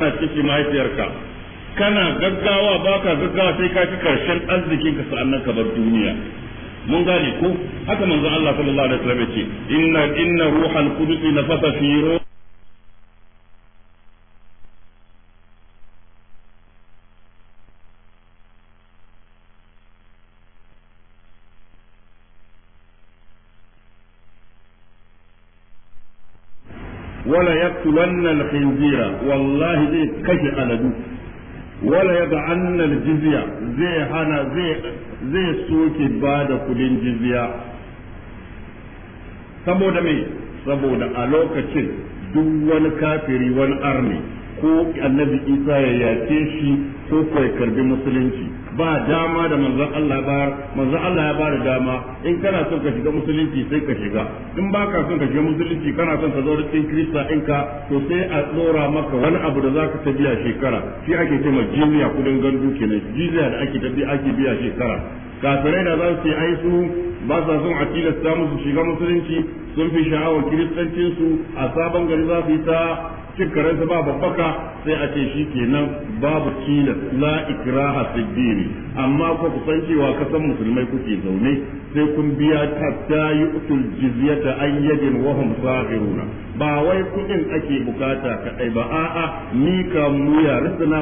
na ciki mahaifiyarka kana gaggawa baka gaggawa sai ka ci karshen arzikin ka sa'annan ka bar duniya mun gane ko haka manzo Allah sallallahu alaihi wasallam ya ce inna inna ruhal qudus nafasa fi wala yaqtulanna al-khinzira wallahi zai kashe aladu wala yad'anna al-jizya zai hana zai zai soke bada kudin jizya saboda me saboda a lokacin duk wani kafiri wani arni ko annabi isa ya yace shi ko kai karbi musulunci ba dama da manzon Allah ba manzon Allah ya bada dama in kana son ka shiga musulunci sai ka shiga in ba son ka shiga musulunci kana son ka zo cikin kirista in ka to sai a tsora maka wani abu da zaka ta biya shekara shi ake ce ma jiniya kudin gandu kenan jiniya da ake ta ake biya shekara kafirai da za su ce ai su ba sa son a tilasta musu shiga musulunci sun fi sha'awar su a sabon gari za su yi ta cin karansa ba babbaka sai a ce shi kenan babu kila la ikraha siddini amma ko ku san cewa kasan musulmai kuke zaune sai kun biya ta yi utul jizyata an yajin wa hum ba wai kudin ake bukata kadai ba a'a ni ka mu ya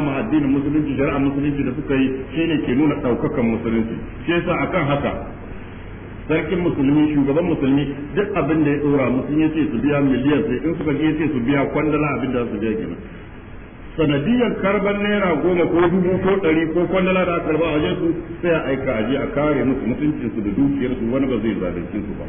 ma addinin musulunci shar'a musulunci da suka yi shine ke nuna daukakan musulunci shi sa akan haka sarkin musulmi shugaban musulmi duk abin da ya dora musu ya ce su biya miliyan sai in suka ce su biya kwandala abin da su biya kenan sanadiyar karban naira goma ko dubu ko ɗari ko kwandala da karba a wajen su sai a aika aje a kare musu su da su wani ba zai zalunce su ba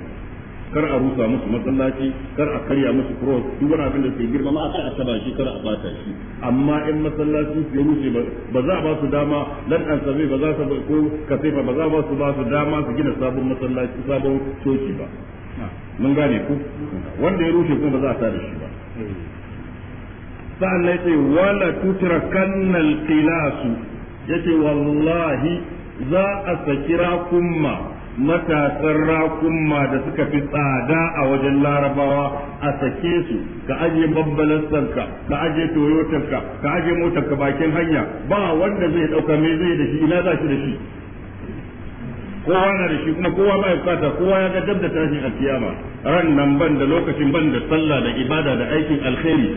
kar a rusa musu masallaci kar a karya musu cross duk wani abin da ke girma ma kar a taba shi kar a bata shi amma in masallaci su ya rushe ba za a ba su dama lan an sabai ba za su ko kasefa ba za ba su ba su dama su gina sabon masallaci sabon coci ba mun gane ku wanda ya rushe kuma ba za a tada shi ba sa'an nan yace wala tutrakannal qilasu yace wallahi za a sakira kumma matasan raƙumma da suka fi tsada a wajen larabawa a sake su ka aje babbalastarka ka ajiye toyotarka ka aje motarka bakin hanya ba wanda zai ɗauka me zai da shi ina za shi da shi kowa na da shi kuma kowa ba ya bukata kowa ya ga dabda tashin kiyama ran nan ban da lokacin ban da sallah da ibada da aikin alkhairi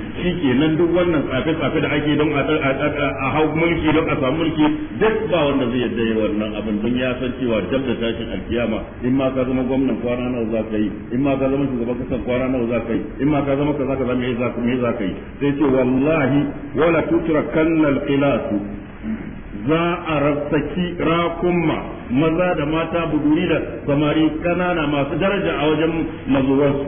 nan duk wannan tsafe tsafe da ake don a hau mulki don a samu mulki duk ba wanda zai yadda ya wannan abin don ya san cewa dabda tashin kiyama in ma ka zama gwamnan kwana nawa za ka yi in ma ka zama shugaban kasar kwana nawa za ka yi in ma ka zama kaza kaza me za ka yi sai ce wallahi wala tutrakanna alqilasu za a rasaki rakumma maza da mata buduri da samari kanana masu daraja a wajen mazuwarsu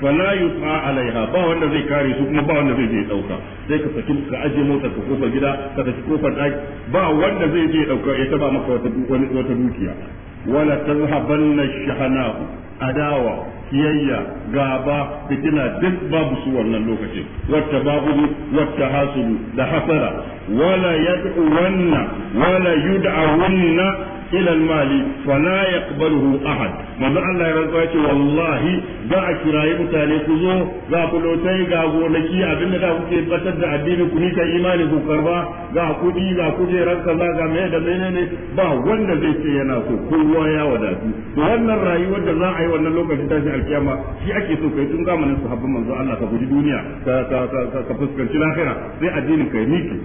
fala yusa alaiha ba wanda zai kare su kuma ba wanda zai je dauka sai ka saki ka aje motar ka kofar gida ka saki kofar daki ba wanda zai je dauka ya taba maka wata wata dukiya wala tazhabanna shahanahu adawa kiyayya gaba fitina duk babu su wannan lokacin wata babu wata hasulu da hasara wala wanna, wala wanna ila al-mali fala yaqbaluhu ahad manzo Allah ya rantsa wallahi za a kirayi mutane ku zo za ku lotai ga gonaki abinda da kuke batar da addini ku ni kai imani ku karba ga kudi ga kujerar kaza ga me da menene ba wanda zai ce yana so kowa ya wadatu to wannan rayuwar da za a yi wannan lokacin shi alkiyama shi ake so kai tun zamanin sahabban manzo Allah ka guji duniya ka ka ka fuskanci lahira sai addinin kai miki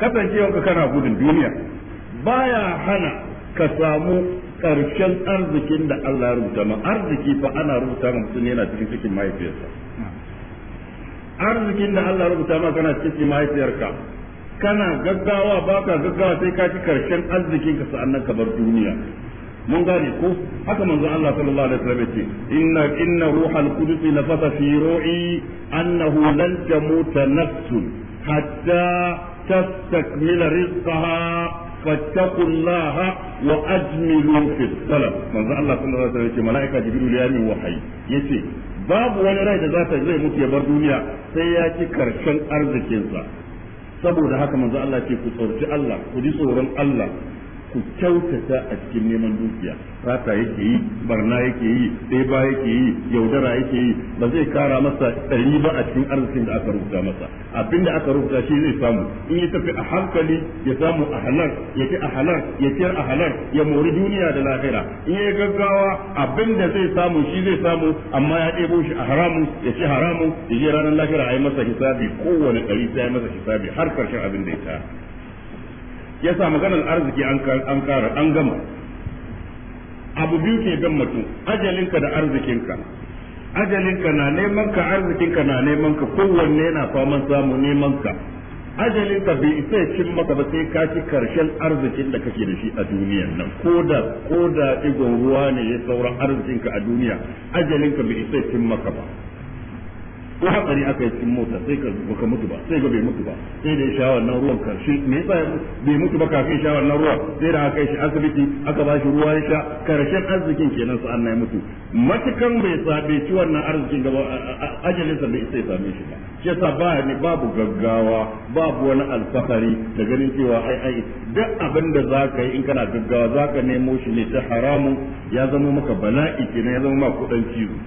kasancewa ka kana gudun duniya baya hana ka samu karshen arzikin da Allah ya rubuta ma arziki fa ana rubuta ma mutum yana cikin cikin mahaifiyarsa arzikin da Allah ya rubuta ma kana cikin mahaifiyarka kana gaggawa baka gaggawa sai ka ci karshen arzikin ka sa'annan ka bar duniya mun gane ko haka manzo Allah sallallahu alaihi wasallam yace inna inna ruhal qudus nafasa fi ru'i annahu lan tamuta nafsun hatta tastakmila rizqaha فاتقوا wa ajmilu في الطلب manzo Allah sallallahu alaihi wasallam yace malaika jibril ya min وحي yace babu wani rai da za ta zai mutu ya bar duniya sai ya ci karshen arzikinsa saboda haka manzo Allah ce ku tsorci Allah ku ji tsoron Allah ku kyautata a cikin neman dukiya rata yake yi barna yake yi ɗeba yake yi yaudara yake yi ba zai kara masa ɗari ba a cikin arzikin da aka rubuta masa abinda aka rubuta shi zai samu in ya tafi a hankali ya samu a halar ya ci a halar ya ciyar a halar ya mori duniya da lahira in ya gaggawa abinda zai samu shi zai samu amma ya ɗebo shi a haramu ya ci haramu ya je ranar lahira a yi masa hisabi kowane ɗari sai masa hisabi har karshen abin da ya ta yasa maganar arziki an kara an gama abu biyu ke gan mutum ajalinka da arzikinka ajalinka na neman ka arzikinka na neman ka kowanne yana faman samu neman ka ajalinka bai isa ya cin maka ba sai ka ci karshen arzikin da kake da shi a duniyan nan koda koda igon ruwa ne ya sauran arzikinka a duniya ajalinka bai isa ya cin maka ba ko hatsari aka yi cikin mota sai ka baka mutu ba sai ga bai mutu ba sai da ya sha wannan ruwan karshe me yasa bai mutu ba kafin sha wannan ruwan sai da aka yi shi asibiti aka ba shi ruwa ya sha karshen arzikin kenan sa Allah ya mutu matukan bai sabe ci wannan arzikin gaba ajalin sa bai sai same shi ba shi yasa ba ne babu gaggawa babu wani alfahari da ganin cewa ai ai duk abin da zaka yi in kana gaggawa zaka nemo shi ne ta haramun ya zama maka bala'i kenan ya zama maka kudan cizo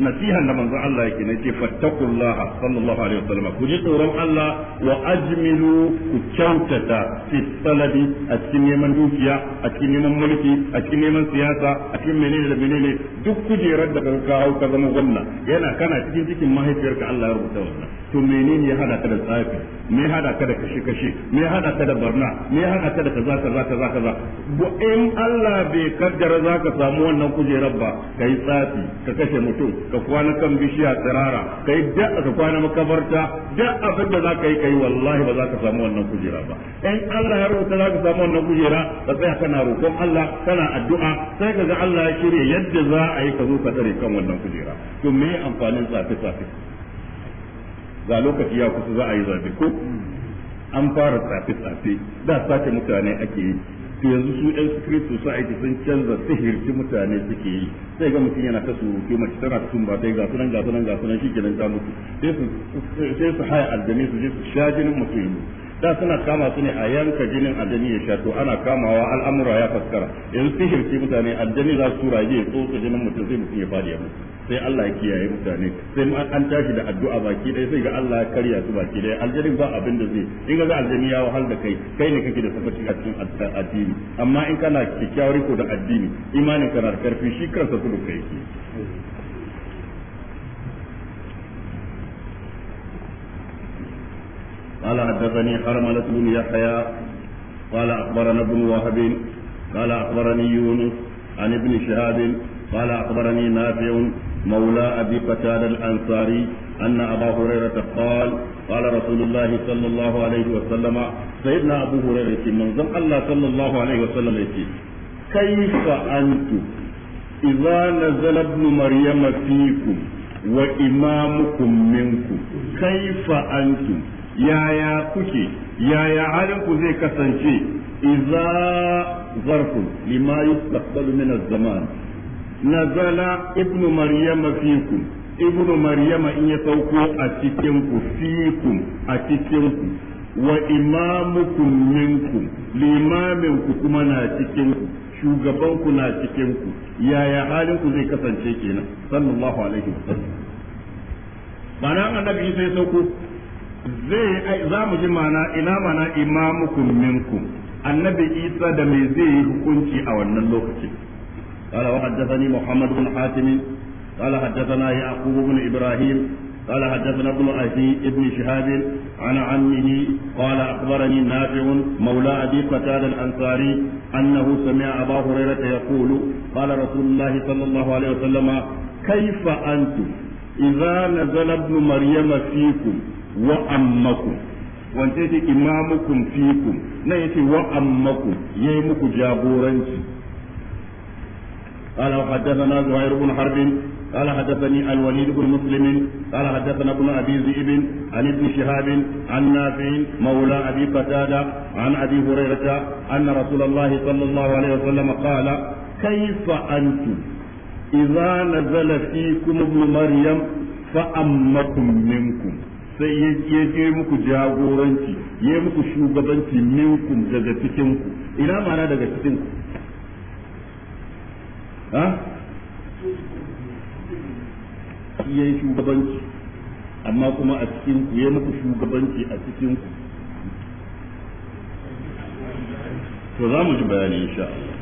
nasihan da manzon Allah yake ne ce fattakullaha sallallahu alaihi wasallam ku ji tsoron Allah wa ajmilu ku kyautata fi talabi a cikin neman dukiya a cikin neman mulki a cikin neman siyasa a cikin menene da menene duk kujerar da ka hau zama gwamna yana kana cikin cikin mahaifiyarka Allah ya rubuta wannan to menene ya hada ka da tsafi me hada ka da kashe kashe me hada ka da barna me hada ka da kaza kaza kaza kaza in Allah bai kaddara zaka samu wannan kujerar ba kai tsafi ka kashe mutum ka kwana kan bishiya tsirara kai da ka kwana makabarta da abin da zaka yi kai wallahi ba zaka samu wannan kujera ba in Allah ya roƙa zaka samu wannan kujera ka tsaya kana roƙon Allah kana addu'a sai kaga Allah ya shirye yadda za a yi ka zo ka tsare kan wannan kujera to me amfanin tsafi tsafi Za lokaci ya kusa za a yi zabe ko an fara tsafe tsafe da sake mutane ake yi to yanzu su yan secret society sun canza sihirci mutane suke yi sai ga mutum yana ta surutu mace tana sun ba sai ga sunan ga sunan ga sunan shikenan ta mutu sai su haya aljami su je su sha jinin mutum da suna kama su ne a yanka jinin aljami ya sha to ana kamawa al'amura ya faskara yanzu sihirci mutane aljami za su tura ya tsotsa jinin mutum sai mutum ya fadi ya mutu sai Allah ya kiyaye mutane sai mu an tashi da addu'a baki ɗaya sai ga Allah ya karya su baki dai aljarin ba abin da zai in ga aljani ya wahal da kai kai ne kake da sabaci a cikin addini amma in kana kyakkyawar riko da addini imanin kana da karfi shi kansa su kai yake قال حدثني حرملة بن يحيى قال أخبرنا ابن وهب قال أخبرني يونس عن ابن شهاب قال أخبرني نافع مولى أبي قتادة الأنصاري أن أبا هريرة قال قال رسول الله صلى الله عليه وسلم سيدنا أبو هريرة من الله صلى الله عليه وسلم يتي كيف أنتم إذا نزل ابن مريم فيكم وإمامكم منكم كيف أنتم يا يا كوكي يا يا علمكم زي كسنشي إذا ظرف لما يستقبل من الزمان nazala ibnu maryama فيكم ابن مريم إن يتوقع sauko a cikin وإمامكم منكم a cikin ku wa kuma na cikin ku na yaya halin ku zai kasance kenan sallallahu alaihi wasallam bana annabi sai sauko zai za mu ji mana ina mana imamukum minkum annabi isa da me zai yi hukunci a wannan lokacin قال وحدثني محمد بن حاتم قال حدثنا يعقوب بن إبراهيم قال حدثنا ابن أبي ابن شهاب عن عمه قال أخبرني نافع مولى أبي قتادة الأنصاري أنه سمع أبا هريرة يقول قال رسول الله صلى الله عليه وسلم كيف أنتم إذا نزل ابن مريم فيكم وأمكم wance ce imamukum fikum na yace wa ammakum yayi muku jagoranci قال وحدثنا زهير بن حرب قال حدثني الوليد بن مسلم قال حدثنا ابن ابي ذئب عن ابن شهاب عن نافع مولى ابي قتاده عن ابي هريره ان رسول الله صلى الله عليه وسلم قال كيف انتم اذا نزل فيكم ابن مريم فامكم منكم sai ya je muku jagoranci ya muku shugabanci minkum daga cikinku ina mana daga cikinku ha shi yayi shugabanci amma kuma a cikin ku yayi muku shugabanci a cikin ku to za mu ji bayani insha Allah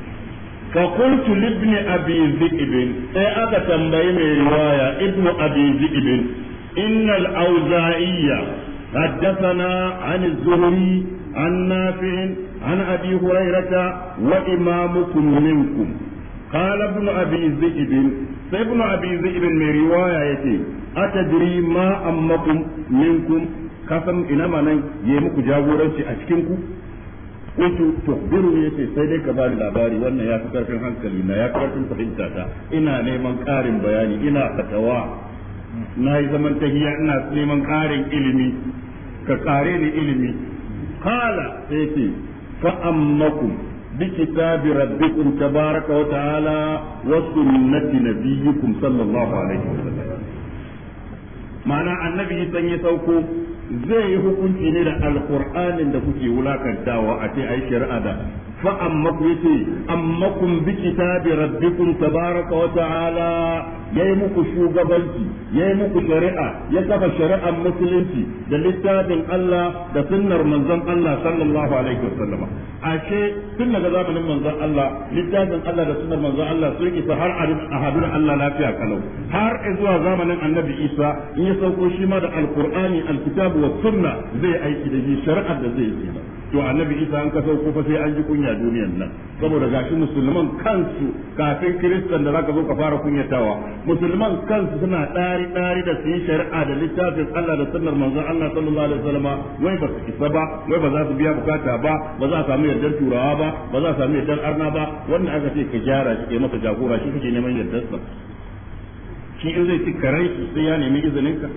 fa qultu li ibn abi dhi'b sai aka tambayi mai riwaya ibn abi dhi'b inna al-awza'iyya حدثنا عن الزهري عن نافع عن ابي هريره وامامكم منكم قال ابن أبي ذئب ابن أبي ذئب من رواية أتدري ما أمكم منكم كفن إنما a cikin ku. أشكنكم to tukbiru ne yace sai dai ka bani labari wannan ya fi karfin hankali na ya fi karfin fahimta ta ina neman karin bayani ina fatawa na yi zaman tahiya ina neman karin ilimi ka kare ni ilimi kala sai ce fa ammakum بكتاب ربكم تبارك وتعالى وسنة نبيكم صلى الله عليه وسلم معنى النبي سنيتوكم zai yi hukunci ne da alkur'anin da kuke wulakantawa a ce ai shari'a da fa amma ku yace amma kun bi ta, rabbikum wata wa ta'ala yayi muku shugabanci yayi muku shari'a ya kafa shari'ar musulunci da littafin Allah da sunnar manzon Allah sallallahu alaihi wasallama ashe tun daga zamanin manzon Allah littafin Allah da sunnar manzon Allah sun isa har a hadin Allah lafiya kalau har zuwa zamanin annabi Isa in ya sauko shi ma da alqur'ani alkitabu wa sunna zai aiki da shi shari'ar da zai yi to annabi isa an ka sauko fa sai an ji kunya duniyan nan saboda gashi musulman kansu kafin kiristan da zaka zo ka fara kunyatawa musulman kansu suna dari dari da su shari'a da littafin Allah da sunnar manzon Allah sallallahu alaihi wasallam wai ba su isa ba wai ba za su biya bukata ba ba za su samu yardar turawa ba ba za su samu yardar arna ba wannan aka ce ka gyara shi ke maka jagora shi kake neman yardar sa shi in zai ci sai ya nemi izinin ka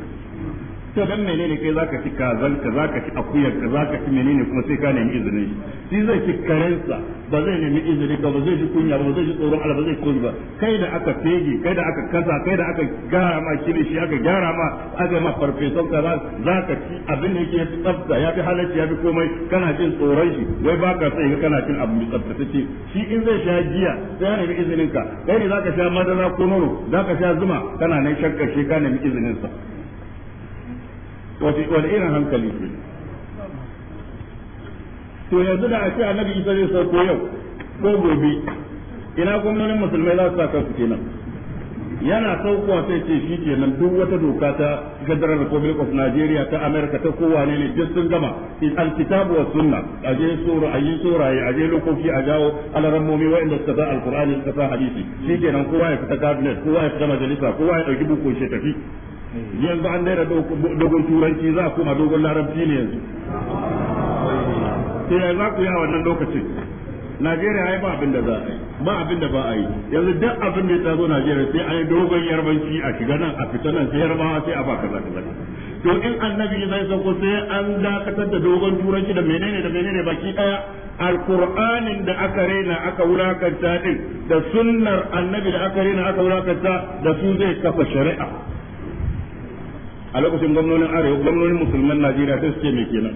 to dan menene kai zaka ci kazan ka zaka ci akuyar ka zaka ci menene kuma sai ka nemi izinin shi shi zai ci karensa ba zai nemi izini ka ba zai ji kunya ba zai ji tsoron Allah ba zai koyi ba kai da aka fege kai da aka kasa kai da aka gyara ma kiri shi aka gyara ma aka ma farfesan ka zaka ci abin da yake tsafta ya fi halacci ya fi komai kana jin tsoron shi wai ba baka sai kana cin abu mai tsaftace shi in zai sha giya sai ya nemi izinin ka kai ne zaka sha madara ko nono zaka sha zuma kana nan shakkar shi ka nemi izinin sa wani irin hankali ne to yanzu da a ce annabi isa zai sauko yau ko gobe ina gwamnonin musulmai za su sa kansu kenan yana saukowa sai ce shi kenan duk wata doka ta federal republic of nigeria ta america ta kowane ne duk sun gama alkitabu wa sunna a je sura a yi suraye a je lokoki a jawo alarammomi waɗanda suka sa alkur'ani suka sa hadisi shi kenan kowa ya fita cabinet kowa ya fita majalisa kowa ya dauki buko shi tafi yanzu an daina dogon turanci za a koma dogon larabci ne yanzu sai ya za ku yi a wannan lokacin Najeriya ai ba abin da za a yi ba abin da ba a yi yanzu duk abin da ya tazo Najeriya sai a yi dogon yarbanci a shiga nan a fita nan sai yarbawa sai a ba kaza kaza to in annabi zai sauko sai an dakatar da dogon turanci da menene da menene baki daya alqur'anin da aka rena aka wulakanta din da sunnar annabi da aka rena aka wulakanta da su zai kafa shari'a a lokacin gwamnonin arewa gwamnonin musulman najeriya sai suke mai kenan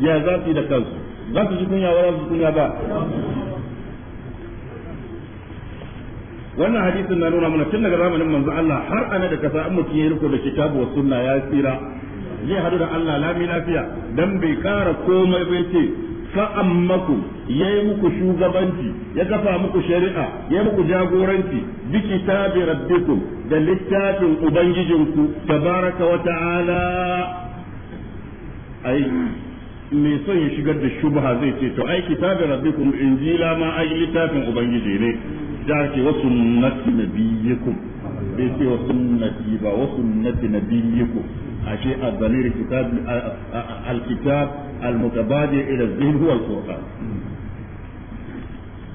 ya za su yi da kansu za su ji kunya ba za su kunya ba wannan hadisin na nuna mana tun daga zamanin manzo Allah har ana da kasa ya yi riko da kitabu wa sunna ya tsira zai hadu da Allah lami lafiya dan bai kara komai bai ce fa ya yayi muku shugabanci ya kafa muku shari'a yayi muku jagoranci bi kitabi rabbikum da littafin ubangijinku tabaraka wa ta'ala ai me son ya shigar da shubha zai ce to ai kitabi rabbikum injila ma ai littafin ubangiji ne da ce wasu sunnati nabiyyikum bai ce wasu sunnati ba wa sunnati nabiyyikum أشيء الضمير الكتاب آه، الكتاب المتبادئ إلى الذهن هو القرآن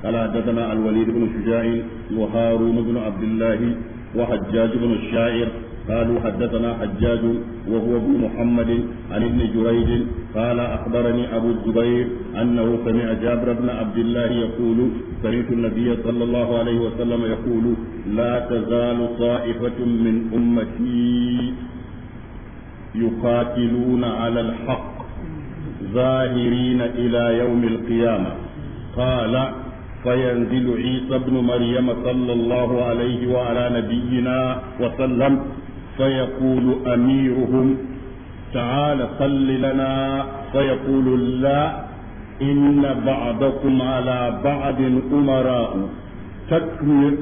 قال حدثنا الوليد بن شجاع وهارون بن عبد الله وحجاج بن الشاعر قالوا حدثنا حجاج وهو ابن محمد عن ابن جريج قال اخبرني ابو الزبير انه سمع جابر بن عبد الله يقول سمعت النبي صلى الله عليه وسلم يقول لا تزال طائفه من امتي يقاتلون على الحق ظاهرين إلى يوم القيامة قال فينزل عيسى ابن مريم صلى الله عليه وعلى نبينا وسلم فيقول أميرهم تعال صل لنا فيقول لا إن بعضكم على بعض أمراء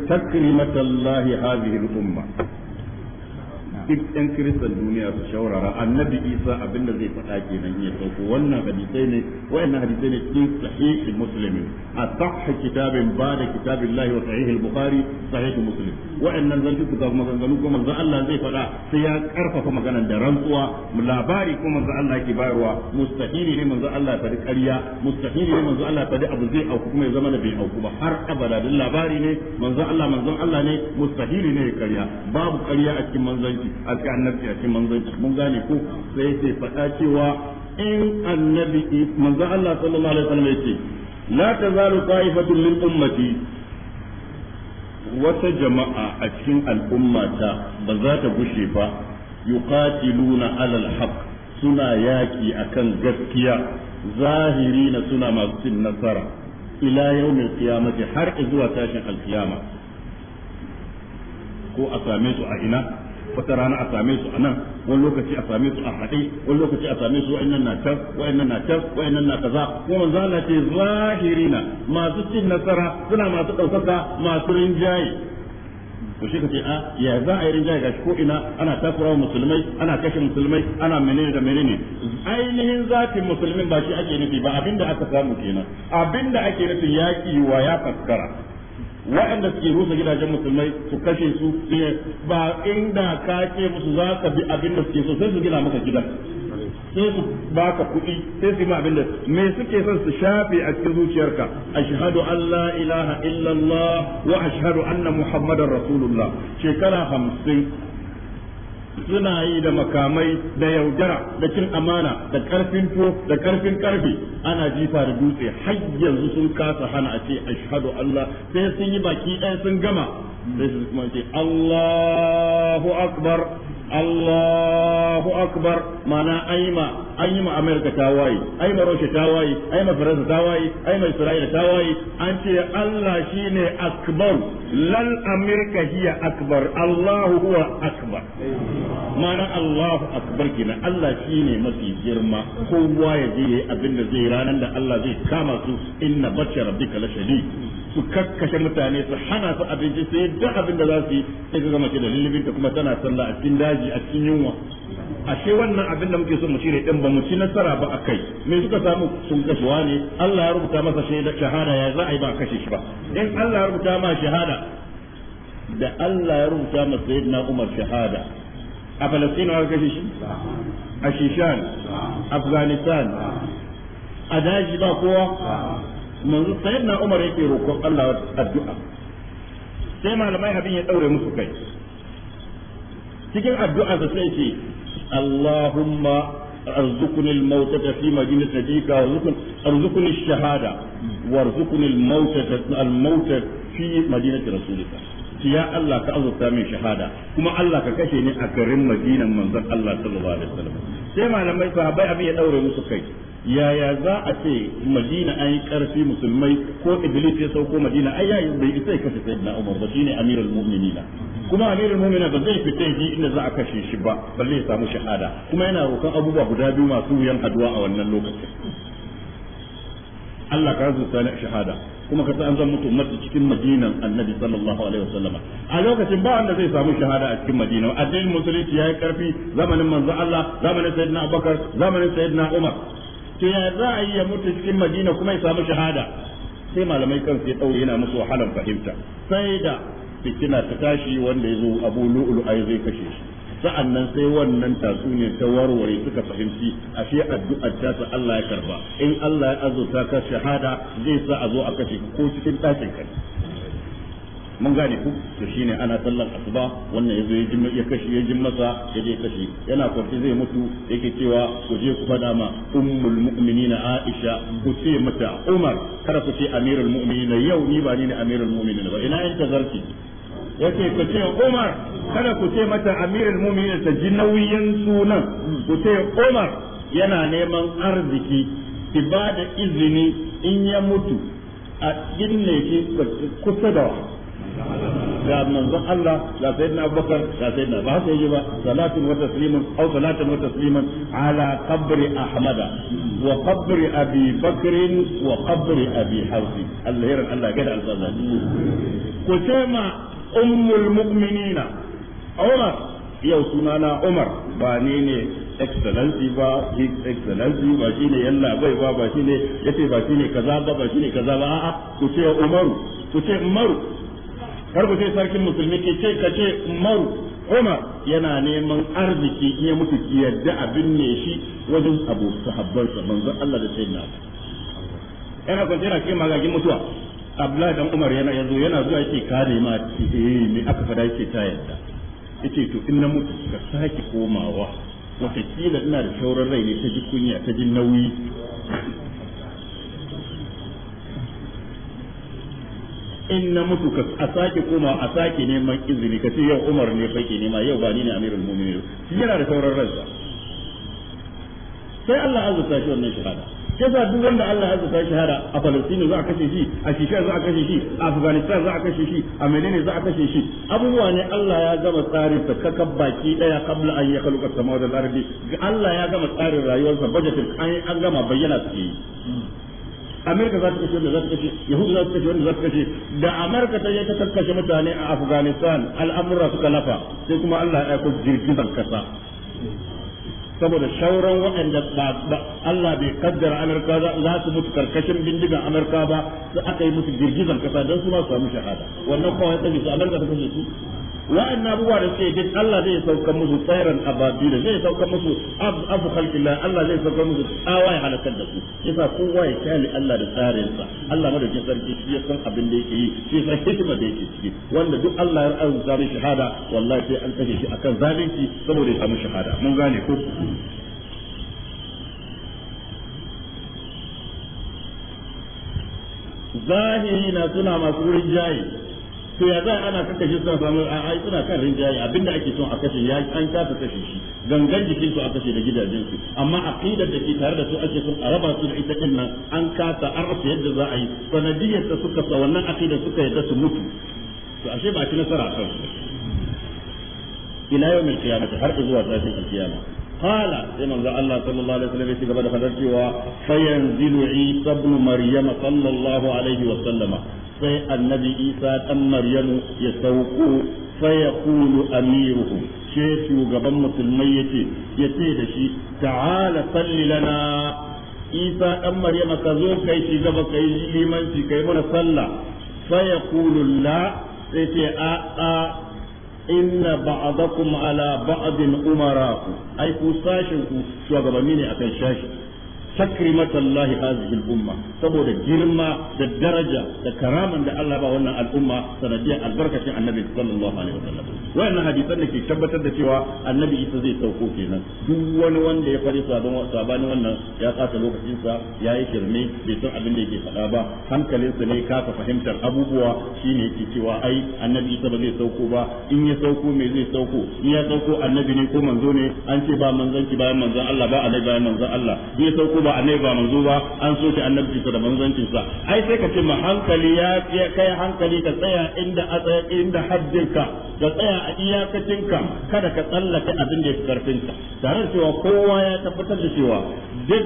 تكرمة الله هذه الأمة duk yan kiristan duniya su shaurara annabi isa abin da zai faɗa kenan ya sauko wannan hadisai ne wayannan hadisai ne cikin sahih a asah kitabin ba'da kitabillahi wa sahih al-bukhari sahih muslim wayannan zan duka kuma zanganu kuma zan Allah zai faɗa sai ya karfafa maganar da rantsuwa labari kuma zan Allah yake bayarwa mustahili ne manzo Allah ya faɗi ƙarya mustahili ne manzo Allah ta faɗi abu zai auku kuma ya zama da bai auku ba har abada din labari ne manzo Allah manzon Allah ne mustahili ne ya ƙarya babu ƙarya a cikin manzanci aka a cikin manzanci mun gane ko sai sai faɗa cewa in annabi manzo Allah sallallahu alaihi wasallam yace la tazalu qa'ifatun min ummati wata jama'a a cikin al'ummata ba za ta gushe ba yuqatiluna alal haqq suna yaki akan gaskiya zahiri na suna masu cin nasara ila yawmin qiyamati har zuwa tashin alkiyama ko a same su a ina wata rana a same su a nan wani lokaci a same su a haɗe wani lokaci a same su wa'annan na can wa'annan na can wa'annan na kaza kuma za na ce zahirina masu cin nasara suna masu ɗaukaka masu rinjaye to shi kace a ah, ya za a yi rinjaye gashi ko ina ana takurawa musulmai ana kashe musulmai ana menene da menene ainihin zatin musulmin ba shi ake nufi ba abinda aka samu kenan abinda ake nufi yaki wa ya faskara waɗanda suke rusa gidajen musulmai su kashe su ba inda ka ke musu za ka bi abin da suke so sai su gina maka gida sai su kuɗi sai su yi abin da me suke son su shafe a cikin zuciyarka ashhadu an la ilaha illallah wa ashhadu anna muhammadar rasulullah shekara hamsin suna yi da makamai da yaudara da cin amana da karfin to da karfin karfi ana jifa da dutse har yanzu sun kasa hana a ce ashhadu Allah sai sun yi baki ɗaya sun gama sai su kuma ce Allahu akbar Allahu akbar mana aima an yi ma Amerika tawaye ai ma Russia tawaye ai ma Faransa tawaye ai ma Isra'ila tawaye an ce Allah shine akbar lal Amerika hiya akbar Allahu huwa akbar mana Allahu akbar kina Allah shine mafi girma kowa ya je yayi abin da zai ranar da Allah zai kama su inna bacci rabbika la shadid su kakkashe mutane su hana su abinci sai duk abin da za su yi sai ka gama ce da lullubin kuma tana sallah a cikin daji a cikin yunwa ashe wannan abin da muke so mu cire din ba mu ci nasara ba akai me suka samu sun kasuwa ne Allah ya rubuta masa shaida shahada ya za a yi ba kashe shi ba in Allah ya rubuta ma shahada da Allah ya rubuta masa sayyidina Umar shahada a Palestina aka kashe shi a Shishan Afghanistan a daji ba kowa manzo sayyidina Umar yake roƙon Allah addu'a sai malamai abin ya daure musu kai cikin addu'a da sai ce Allahumma arzuqni al-maut fi majlis nadika arzuqni ash-shahada warzuqni al-maut al-maut fi madinati rasulika ya Allah ka azurta min shahada kuma Allah ka kashe ni a garin madinan manzon Allah sallallahu alaihi wasallam sai malamai sahabbai abin ya daure musu kai yaya za a ce madina an yi karfi musulmai ko iblis ya sauko madina ai yayi bai isa ya kashe sayyidina umar ba shine amirul mu'minina kuma amirul mu'minina ba zai fita shi inda za a kashe shi ba balle ya samu shahada kuma yana roƙon abubuwa guda biyu masu wuyan haduwa a wannan lokacin Allah ka zuta na shahada kuma ka an zan mutu mace cikin madinan annabi sallallahu alaihi wasallam a lokacin ba wanda zai samu shahada a cikin madina addinin musulunci yayi karfi zamanin manzo Allah zamanin sayyidina Abubakar zamanin sayyidina Umar to ya za a yi ya mutu cikin madina kuma ya samu shahada sai malamai kansu ya daure yana musu wahalar fahimta sai da fitina ta tashi wanda ya zo abu lu'ulu ai zai kashe shi nan sai wannan tatsuniyar ta warware suka fahimci ashe addu'ar ta sa Allah ya karba in Allah ya azurta ka shahada zai sa a zo a kashe ko cikin ɗakin kai mun gane ku to shine ana sallar asuba wannan yazo ya jimma ya kashi ya jimma sa ya je kashi yana kwarti zai mutu yake cewa ku je ku fada ma ummul mu'minina Aisha ku ce mata Umar kada ku ce amirul mu'minina yau ni ba ni ne amirul mu'minina ba ina in tazarki yake ku ce Umar kada ku ce mata amirul mu'minina ta ji nauyin sunan ku ce Umar yana neman arziki ki ba da izini in ya mutu a ginne shi kusa da ga manzon Allah ga sayyidina Abubakar ga sayyidina ba haka yaji ba salatun wa taslimun aw salatun wa taslimun ala qabri ahmada wa qabri abi bakr wa qabri abi hafs Allah yaran Allah gada da ko ku ce ma ummul mu'minina Umar yau sunana Umar ba ne ne excellency ba his excellency ba shine yalla bai ba ba shine yace ba shine kaza ba ba shine kaza ba a'a ku ce Umaru ku ce Umaru kar sai sarkin musulmi ke ce ka ce umaru umar yana neman arziki iya mutu ki yadda abin ne shi wajen abu sahabban sa manzon Allah da sayyidina yana kwanci yana kai magagin mutuwa Abdullahi dan Umar yana yanzu yana zuwa yake kare ma eh me aka fada yake ta yadda yace to in na mutu ka sake komawa wata kila ina da shauran rai ne ta ji kunya ta ji nauyi in na mutu ka a sake koma a sake neman izini ka ce yau Umar ne fa ke nema yau ba ni ne Amirul Mu'minin shi yana da sauran ransa sai Allah azza shi wannan shahada yasa duk wanda Allah azza ta shahada a Palestine za a kashe shi a Shisha za a kashe shi a Afghanistan za a kashe shi a Medina za a kashe shi abubuwa ne Allah ya gama tsarin ta kaka baki daya qabla an yakhluqa samawati wal ardi Allah ya gama tsarin rayuwarsa budgetin an gama bayyana su amerika za ta kashe wanda za ta kashe yahudu za ta kashe wanda za ta kashe da amerika ta je ta kakkashe mutane a afghanistan al'amura suka lafa sai kuma allah ya aiko girgizar kasa saboda shauran waɗanda Allah bai kaddara Amurka za su mutu karkashin bindigan Amurka ba su aka yi musu girgizan kasa don su ma su samu shahada wannan kawai ya sani su Amurka ta kashe su wa'annan abubuwa da suke duk Allah zai saukar musu tsairan ababila zai saukar musu abu khalqillah Allah zai saukar musu tsawa ya halakar da su yasa kowa ya kyale Allah da tsarinsa sa Allah madaukin sarki shi ya san abin da yake yi shi san hikima da yake ciki wanda duk Allah ya arzuta mai shahada wallahi sai an kashe shi akan zalunci saboda ya samu shahada mun gane ko zahiri na suna masu wurin jayi to ya za ana kan kashe suna samu ai suna kan rinjaye abinda ake son a kashe ya an kasa kashe shi gangan jikin su a kashe da gidajen su amma aqidar da ke tare da su ake son a raba su da ita din nan an kasa an yadda za a yi sanadiyar ta suka sa wannan aqidar suka yadda su mutu to ashe ba ci nasara a kansu ila yawmin qiyamah har zuwa tashin qiyamah قال إن الله صلى الله عليه وسلم يتقبل فدرتي فينزل عيسى ابن مريم صلى الله عليه وسلم sai annabi isa dan maryamu ya sauko kulu amiruhu she shugaban musulmai yace yace da shi ta'ala salli lana isa dan maryama ka zo kai shi gaba kai limanci kai mana sallah kulu la sai ce a a inna ba'dakum ala ba'din umara ai ku sashin ku shugabanni ne akan shashi takrimat Allah hadhihi al-umma saboda girma da daraja da karaman da Allah ba wannan al'umma sanadiyar albarkacin Annabi sallallahu alaihi wasallam wannan hadisan da ke da cewa Annabi Isa zai sauko kenan duk wani wanda ya fari sabon wannan ya kasa lokacin sa yayi kirme bai san abin da yake faɗa ba hankalinsa ne fahimtar abubuwa shine yake ai Annabi Isa ba zai ko manzo ce ba ba annabi ba manzo ba an soke annabci da manzancin sa ai sai ka ce ma hankali ya kai hankali ka tsaya inda a tsaya inda haddinka ka tsaya a iyakacinka kada ka tsallake abin da ya karfin ka tare da cewa kowa ya tabbatar da cewa duk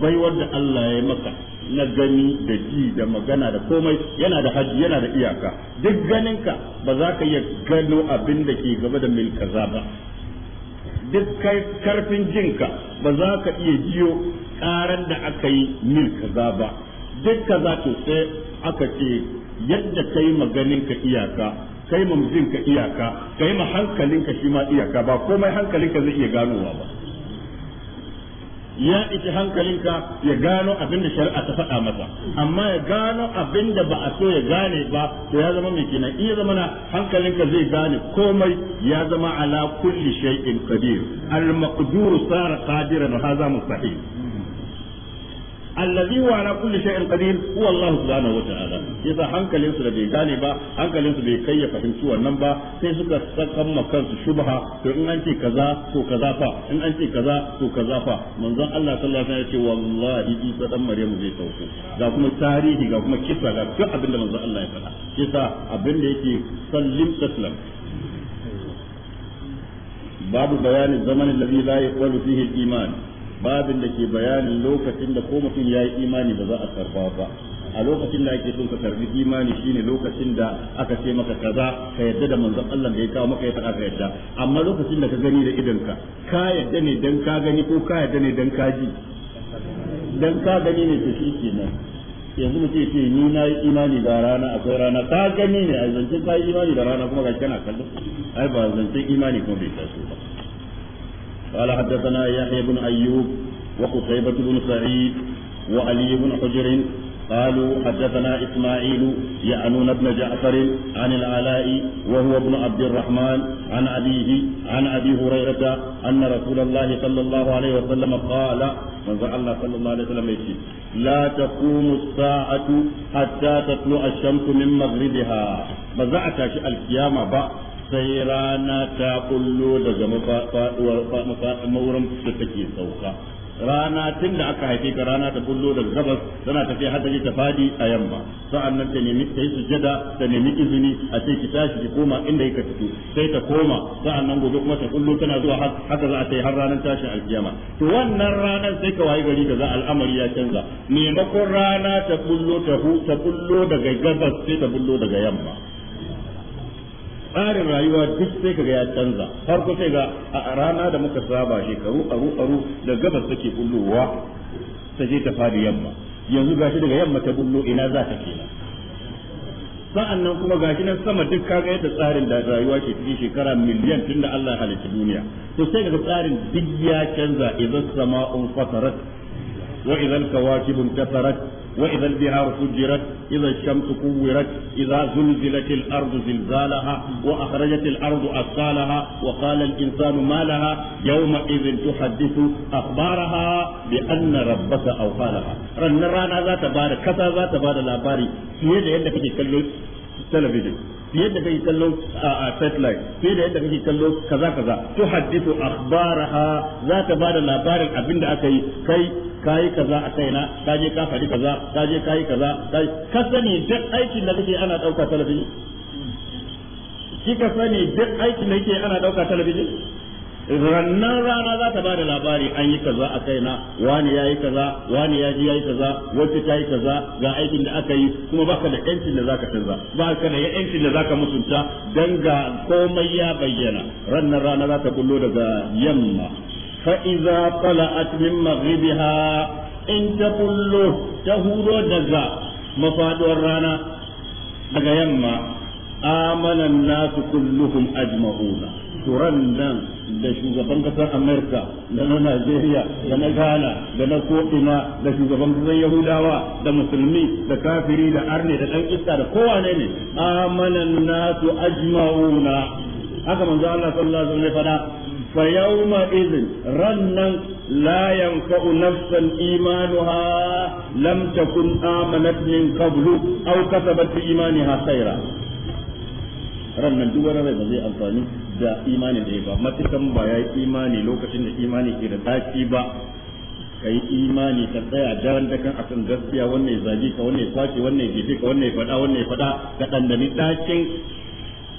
baiwar da Allah ya maka na gani da ji da magana da komai yana da haji yana da iyaka duk ganinka ba za ka iya gano abin da ke gaba da mil kaza ba duk karfin jinka ba za ka iya jiyo karar da aka yi min kaza ba duk kaza to sai aka ce yadda kai maganin ka iyaka kai ma ka iyaka kai ma hankalinka shi ma iyaka ba komai hankalinka zai iya ganowa ba ya ita hankalinka ya gano abin da shari'a ta faɗa masa amma ya gano abin da ba a so ya gane ba to ya zama mai kenan iya zama na hankalinka zai gane komai ya zama ala kulli shay'in qadir al maqduru sara qadiran hadha mustahil allazi wa ala kulli shay'in qadir huwa Allah subhanahu wa ta'ala yasa hankalin su da bai gane ba hankalin su bai kai ya fahimci wannan ba sai suka sakan su shubha to in an ce kaza to kaza fa in an ce kaza to kaza fa manzon Allah sallallahu alaihi wasallam ya ce wallahi Isa dan Maryam zai sauko ga kuma tarihi ga kuma kisa ga duk abin da manzon Allah ya faɗa yasa abin da yake sallim taslam babu bayanin zamanin الذي لا يقبل فيه الإيمان babin da ke bayanin lokacin da ko mutum ya yi imani ba za a karba ba a lokacin da ake son ka karbi imani shine lokacin da aka ce maka kaza ka yadda da manzon Allah da ya kawo maka ya faɗa ka yadda amma lokacin da ka gani da idon ka ka yadda ne dan ka gani ko ka yadda ne dan ka ji dan ka gani ne to shi kenan yanzu mu ce ce ni na yi imani da rana akwai rana ka gani ne a zancen ka yi imani da rana kuma ga kana kallon ai ba zancen imani kuma bai taso ba قال حدثنا يحيى بن أيوب وقتيبة بن سعيد وعلي بن حجر قالوا حدثنا إسماعيل يعنون بن جعفر عن العلاء وهو ابن عبد الرحمن عن أبيه عن أبي هريرة أن رسول الله صلى الله عليه وسلم قال من الله صلى الله عليه وسلم يشي لا تقوم الساعة حتى تطلع الشمس من مغربها بزعت القيامة بقى sai rana ta kullo daga mawurin da take sauka rana tun da aka haife ka rana ta kullo daga gabas tana tafiya har take ta fadi a yamma sa'an nan ta nemi ta yi sujada ta nemi izini a ce ki tashi ki koma inda kika fito sai ta koma sa'an nan gobe kuma ta kullo tana zuwa haka za a ta yi har ranar tashin alkiyama to wannan ranar sai ka wayi gari kaza al'amari ya canza maimakon rana ta kullo ta hu ta kullo daga gabas sai ta kullo daga yamma tsarin rayuwa duk sai kaga ya canza farko sai ga a rana da muka saba shekaru aru aru da gabas take bullowa ta je ta fadi yamma yanzu gashi daga yamma ta bullo ina za ta kenan sa'annan kuma gashi nan sama duk kaga yadda tsarin da rayuwa ke cikin shekara miliyan tunda Allah halitta duniya to sai daga tsarin duk ya canza idan sama'un fatarat wa idan kawakibun tafarat وإذا البحار فجرت إذا الشمس كورت إذا زلزلت الأرض زلزالها وأخرجت الأرض أثقالها وقال الإنسان ما لها يومئذ تحدث أخبارها بأن ربك أوحى لها رن رانا ذات بار كذا ذات بار لا باري fiye da yadda kake kallo talabijin fiye da kake kallo a satellite fiye da yadda kake kallo kaza kaza to hadithu akhbaraha za ta bada labarin abinda aka yi kai kayi kaza a kaina ka je ka faɗi kaza ka je kayi kaza ka sani duk aikin da kake ana ɗauka talabijin ka sani duk aikin da kake ana ɗauka talabijin rannan rana za ta bada labari an yi kaza a kaina wani ya yi kaza wani ya ji ya yi kaza wacce ta yi kaza ga aikin da aka yi kuma baka da yancin da zaka canza baka da yancin da zaka mutunta dan ga komai ya bayyana rannan rana za ta bullo daga yamma فإذا طلعت من مغربها إن تقول تهور دزا مفاد ورانا daga yamma amanan nasu kulluhum ajma'una turan da shugaban kasar amurka da na najeriya da na ghana da na ko'ina da shugaban kasar yahudawa da musulmi da kafiri da arne da Ɗan iska da kowane ne amanan nasu ajma'una haka manzo Allah sallallahu alaihi wasallam ya إذن رنا لا ينفع نفسا إيمانها لم تكن آمنت من قبل أو كسبت في إيمانها خيرا رنا دوار رضا زي أنفاني دا إيمان ديبا ما تسمى بايا إيماني لو كشن إيماني إذا تاكي kai imani ka tsaya daren da kan gaskiya wannan zagi ka wannan kwace wannan gefe ka wannan fada wannan fada ka ni dakin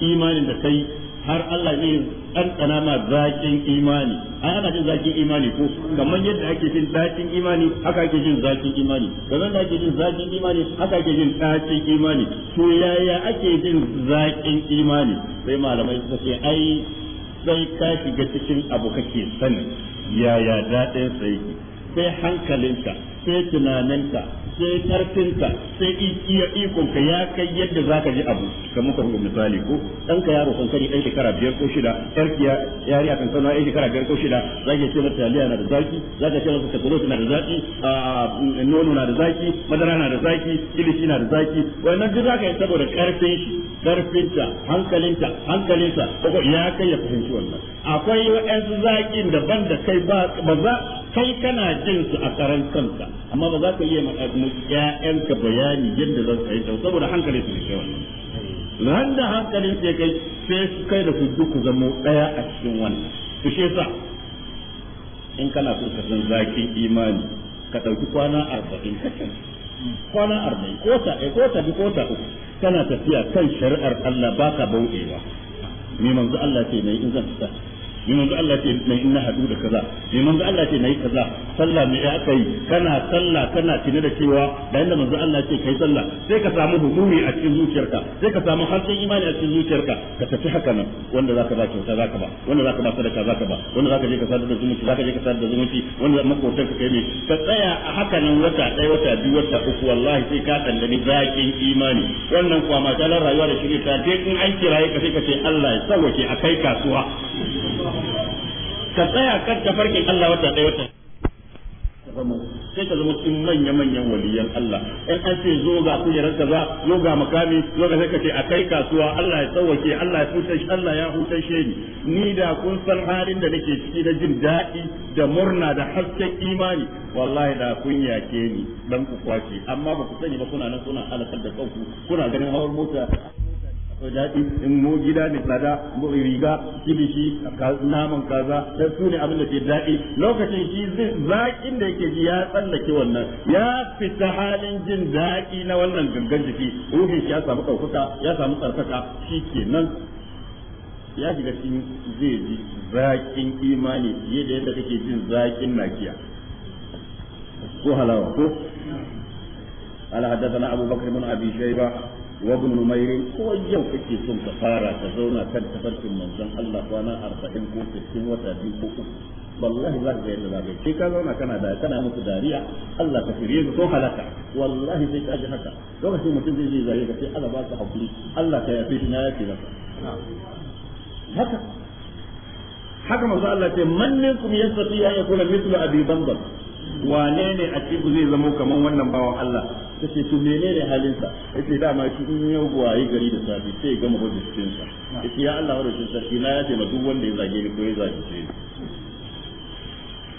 imanin da kai har Allah ne. ɗanɗana ma zaƙin imani ai ana jin zaƙin imani ko kamar yadda ake jin zaƙin imani haka ake jin zaƙin imani kamar yadda ake jin zaƙin imani haka ake jin ɗacin imani to yaya ake jin zaƙin imani sai malamai suka ce ai sai ka shiga cikin abu kake sani yaya daɗin sai sai hankalinka sai tunaninka sai karfinka sai iya ikonka ya kai yadda za ka ji abu kamar ka misali ko ɗanka yaro kankani ɗan shekara biyar ko shida ƴarki yari a kan kankana ɗan shekara biyar ko shida za ka ce mata taliya na da zaki za ka ce mata takwalotu na da zaki nono na da zaki madara na da zaki ilishi na da zaki wannan duk za ka yi saboda karfin shi karfinta hankalinta hankalinsa ko ya kai ya fahimci wannan akwai wa'yansu zaƙin daban da kai ba za kai kana jin su a karan kanka amma ba za ka iya ma ƴaƴanka bayani yadda za su ta saboda hankali su shi wannan ran da hankali ke kai sai su kai da duk ku zama ɗaya a cikin wannan to shi yasa in kana so ka san zakin imani ka ɗauki kwana arba'in kwana arba'in ko ta ko ta ko ta uku kana tafiya kan shari'ar Allah baka bauɗewa me manzo Allah ce ne in zan fita ne manzo Allah ce na inna hadu da kaza ne manzo Allah ce nayi kaza sallah me aka yi kana sallah kana tune da cewa da inda manzo Allah ce kai sallah sai ka samu hudumi a cikin zuciyarka sai ka samu hancin imani a cikin zuciyarka ka tafi haka nan wanda zaka ba kyauta zaka ba wanda zaka ba sadaka zaka ba wanda zaka je ka sadar da zumunci zaka je ka sadar da zumunci wanda makotan ka kai ne ka tsaya a haka nan wata ɗaya wata biyu wata uku wallahi sai ka dandani zakin imani wannan kuwa matalar rayuwa da shirye ta dai in an kiraye ka sai ka ce Allah ya sauke a kai kasuwa ka tsaya kan farke Allah wata ɗaya wata sai ka zama cikin manyan manyan waliyan Allah in an ce zo ga kujerar kaza zo ga makami zo ga sai a kai kasuwa Allah ya tsawake Allah ya fushe shi Allah ya fushe shi ni da kun san halin da nake ciki da jin daɗi da murna da hasken imani wallahi da kun yake ni dan ku kwace amma ba ku sani ba kuna nan suna alakar da kanku kuna ganin hawar mota daɗi in mu gida mai tsada mu riga kilishi naman kaza da su ne abin da ke daɗi lokacin shi zaƙin da yake ji ya tsallake wannan ya fita halin jin daɗi na wannan gangan jiki ruhin ya samu ɗaukaka ya samu tsarkaka shi kenan ya shiga cikin zai ji zaƙin imani fiye da yadda kake jin zaƙin nakiya ko halawa ko قال حدثنا أبو بكر بن وابن نمير هو يوم كي سن كفارة تزونا كان تفرق من زن الله وانا أربعين كو ستين وتابين كو والله لا غير لا غير كي كذونا كان دا كان أمس داريا الله كثيرين كو حلقة والله سيك أجهتا لو كنت متنزل لي ذلك كي أنا باك حبلي الله كيفيش نايتي لك هكذا haka manzo Allah ce man minkum yastati an yakuna mithlu abi bandar wane ne a cikin zai zama kaman wannan bawan Allah tace to menene halinsa yace dama shi in yau yi gari da safi sai gama hujjar cikin sa yace ya Allah shi sarki na yace ma duk wanda ya zage ni ko ya zage ni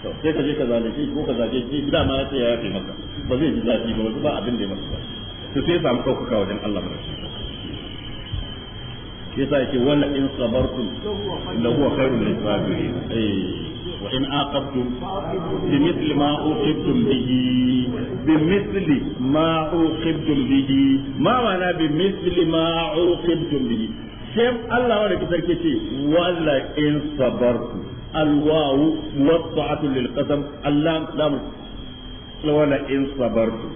to sai ka je ka zage shi ko ka zage shi dama yace ya yafe maka ba zai ji zafi ba wasu ba abin da ya masa to sai ya samu ɗaukaka wajen Allah madaukakin yasa yake wala in sabartum lahu khairul lisabirin eh وإن عاقبتم بمثل ما عوقبتم به بمثل ما عوقبتم به ما معنى بمثل ما عوقبتم به شيخ الله ولك تركتي ولا إن صبرتم الواو موضعة للقسم اللام لام ولا إن صبرتم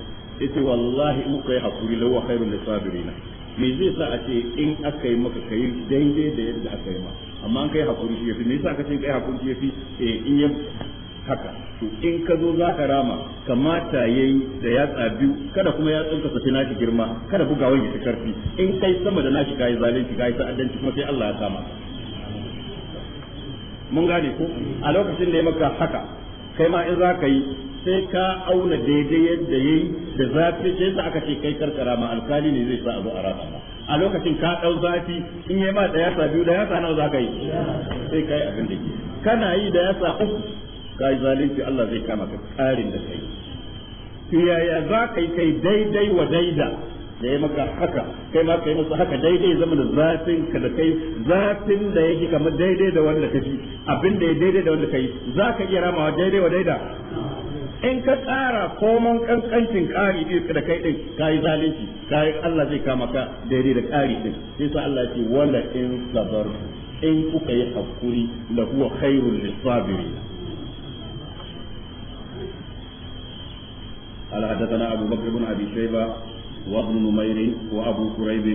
إتي والله مكي حصولي لو خير للصابرين me zai sa a ce in aka yi maka kayi daidai da yadda aka yi maka amma an kai hakuri shi yafi me yasa ce kai hakuri shi yafi eh in ya haka to in ka zo za ka rama kamata yayi da ya tsabi kada kuma ya tsunka sa nashi girma kada bugawan ya ta karfi in kai sama da nashi kai zalunci kai ta'addanci kuma sai Allah ya kama mun gane ko a lokacin da ya maka haka kai ma in za ka yi sai ka auna daidai yadda yayi da zafi sai aka ce kai karkara ma alkali ne zai sa abu a rama a lokacin ka dau zafi in yayi ma da yasa biyu da yasa nawa zaka yi sai kai abin da ke kana yi da yasa uku kai zalunci Allah zai kama ka ƙarin da kai to yaya za ka yi kai daidai wa daida da ya maka haka kai ma kai musu haka daidai zama da zafin ka da kai zafin da yake kamar daidai da wanda kaji abin da ya daidai da wanda yi za ka iya ramawa daidai wa daida in ka tsara komon kankancin ƙari ɗin da kai ɗin ka zalunci ka Allah zai kama ka daidai da ƙari ɗin sai sa Allah ce wanda in sabar in kuka yi hakuri la huwa khairul lisabirin وابن نمير وابو كريب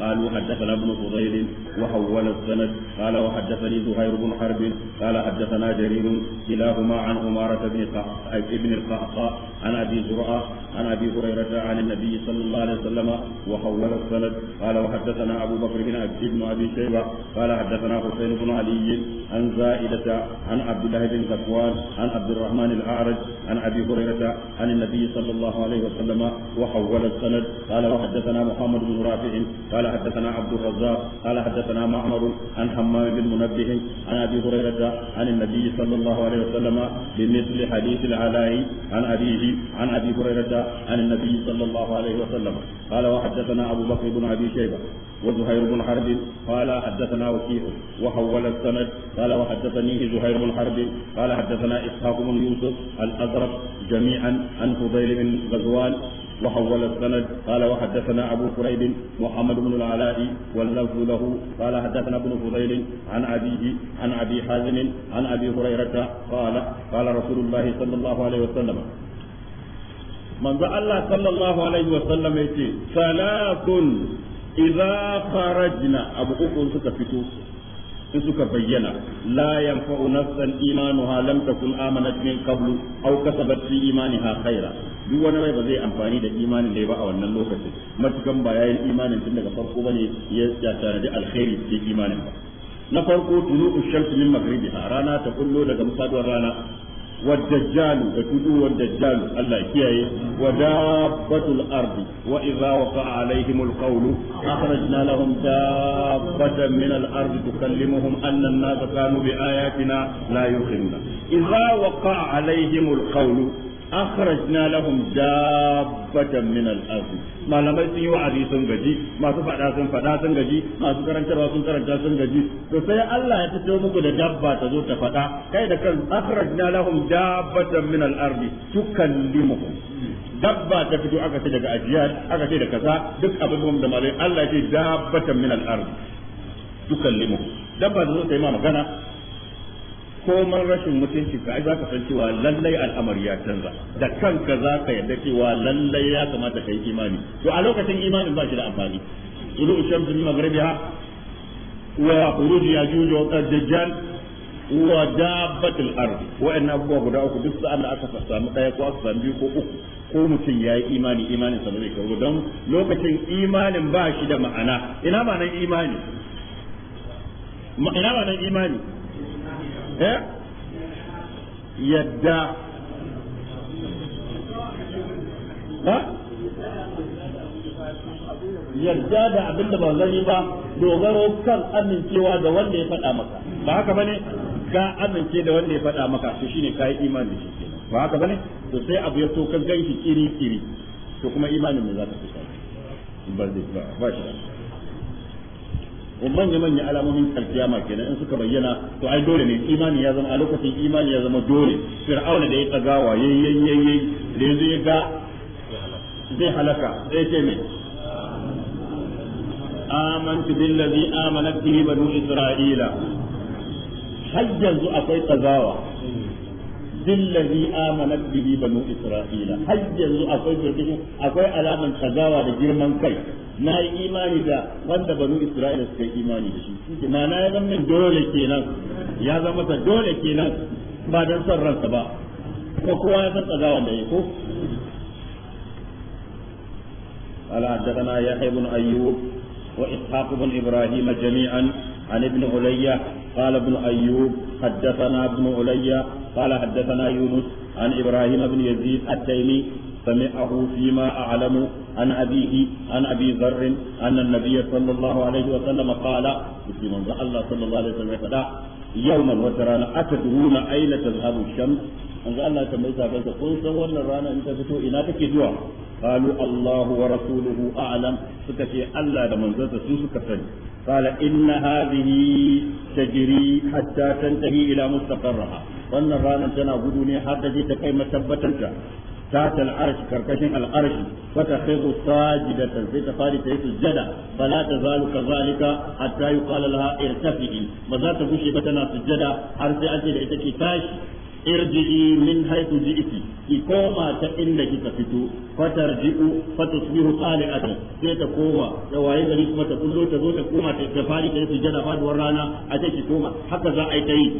قالوا حدثنا ابن فضيل وحول السند قال وحدثني زهير بن حرب قال حدثنا جرير كلاهما عن عمارة بن ابن القعقاع عن ابي زرعه عن ابي هريره عن النبي صلى الله عليه وسلم وحول السند قال وحدثنا ابو بكر بن ابن ابي شيبه قال حدثنا حسين بن علي عن زائدة عن عبد الله بن صفوان عن عبد الرحمن الاعرج عن ابي هريره عن النبي صلى الله عليه وسلم وحول السند قال وحدثنا محمد بن رافع قال حدثنا عبد الرزاق قال حدثنا معمر عن حمام بن منبه عن ابي هريره عن النبي صلى الله عليه وسلم بمثل حديث العلاء عن ابيه عن ابي هريره عن النبي صلى الله عليه وسلم قال وحدثنا ابو بكر بن ابي شيبه وزهير بن حرب قال حدثنا وكيع وحول السند قال وحدثني زهير بن حرب قال حدثنا اسحاق بن يوسف الازرق جميعا عن فضيل بن غزوان وحول السند قال وحدثنا ابو كريب محمد بن العلاء واللفظ له قال حدثنا ابن فضيل عن ابيه عن ابي حازم عن ابي هريره قال قال رسول الله صلى الله عليه وسلم من الله صلى الله عليه وسلم يقول ثلاث idza kharajna abu uku suka fito in suka bayyana la yanfa'u nafsan imanuha lam takun amanat min qablu aw kasabat fi imaniha khaira duk wani rai ba zai amfani da imanin da ba a wannan lokacin matukan ba yayin imanin tun daga farko bane ya tanadi alkhairi cikin imanin ba na farko tulu ushams min maghribiha rana ta kullo daga musaduwar rana والدجال وتدو والدجال الله كياي ودابة الأرض وإذا وقع عليهم القول أخرجنا لهم دابة من الأرض تكلمهم أن الناس كانوا بآياتنا لا يوقنون إذا وقع عليهم القول أخرجنا لهم دابة min الأرض ما malamai sun yi wa'azi sun gaji masu fada sun fada sun gaji masu karantarwa sun karanta sun gaji to sai Allah ya fito muku da dabba ta zo ta kai da kan min dabba ta fito aka ce daga ajiyar aka ce da kasa duk abubuwan da malai Allah ya ce dabbatan min al ard tukallimu dabba zo ta yi ma magana koman rashin mutunci ka ai zaka san cewa lallai al'amar ya canza da kanka zaka yadda cewa lallai ya kamata kai imani to a lokacin imanin ba shi da amfani tulu shamsu min maghribiha wa khuruj juju wa dajjal wa dabbatul ard wa inna abuwa guda uku duk sa'an da aka samu daya ko aka samu biyu ko uku ko mutum ya yi imani imanin sa ba zai karu don lokacin imanin ba shi da ma'ana ina ba nan imani ina ba nan imani eh yadda ha yadda da abin da ba zai ba dogaro kan amincewa da wanda ya faɗa maka ba haka bane ka amince da wanda ya faɗa maka to shine kai imani da shi ba haka bane to sai abu ya to ka ganki kiri kiri to kuma imanin ne za ka fita ba zai ba ba shi manya manya alamomin alkiyama kenan in suka bayyana to ai dole ne imani ya zama a lokacin imani ya zama dole fir'auna da ya tsagawa yayi yayi da yanzu ya ga zai halaka zai ce mai amantu billazi amanat bihi banu isra'ila har yanzu akwai tsagawa billazi amanat bihi banu isra'ila har yanzu akwai akwai alaman tsagawa da girman kai na yi imani da wanda banu isra'ila suka yi imani da shi na na ya zama dole kenan ya zama ta dole kenan ba dan son ransa ba ko kowa ya san tsaga wanda ya ko قال حدثنا يحيى بن ايوب واسحاق بن Ibrahim جميعا عن ابن علي قال ابن ايوب حدثنا ابن علي قال حدثنا يونس عن ابراهيم بن يزيد التيمي سمعه فيما أعلم عن أبيه عن أبي ذر أن النبي صلى الله عليه وسلم قال في من الله صلى الله عليه وسلم فدا يوما وترانا أتدرون أين تذهب الشمس أن الله تميز هذا قل سوى الرانا أنت فتو إنا تكدوا قالوا الله ورسوله أعلم سكتي ألا لمن ذات سوسك قال إن هذه تجري حتى تنتهي إلى مستقرها wannan ranar tana gudu ne har da je ta kai matabbatarta تحت العرش كركشن العرش فتخذ ساجدة في تقارب سجدة فلا تزال كذلك حتى يقال لها ارتفعي ماذا تبشي بتنا سجدة da ita ke تاشي ارجعي من حيث جئتي ki koma inda kika fito fatarji'u fatusbihu qali'atan sai ta koma da waye gari kuma ta kullo ta zo ta koma ta ta faduwar rana a ce ki koma haka za a yi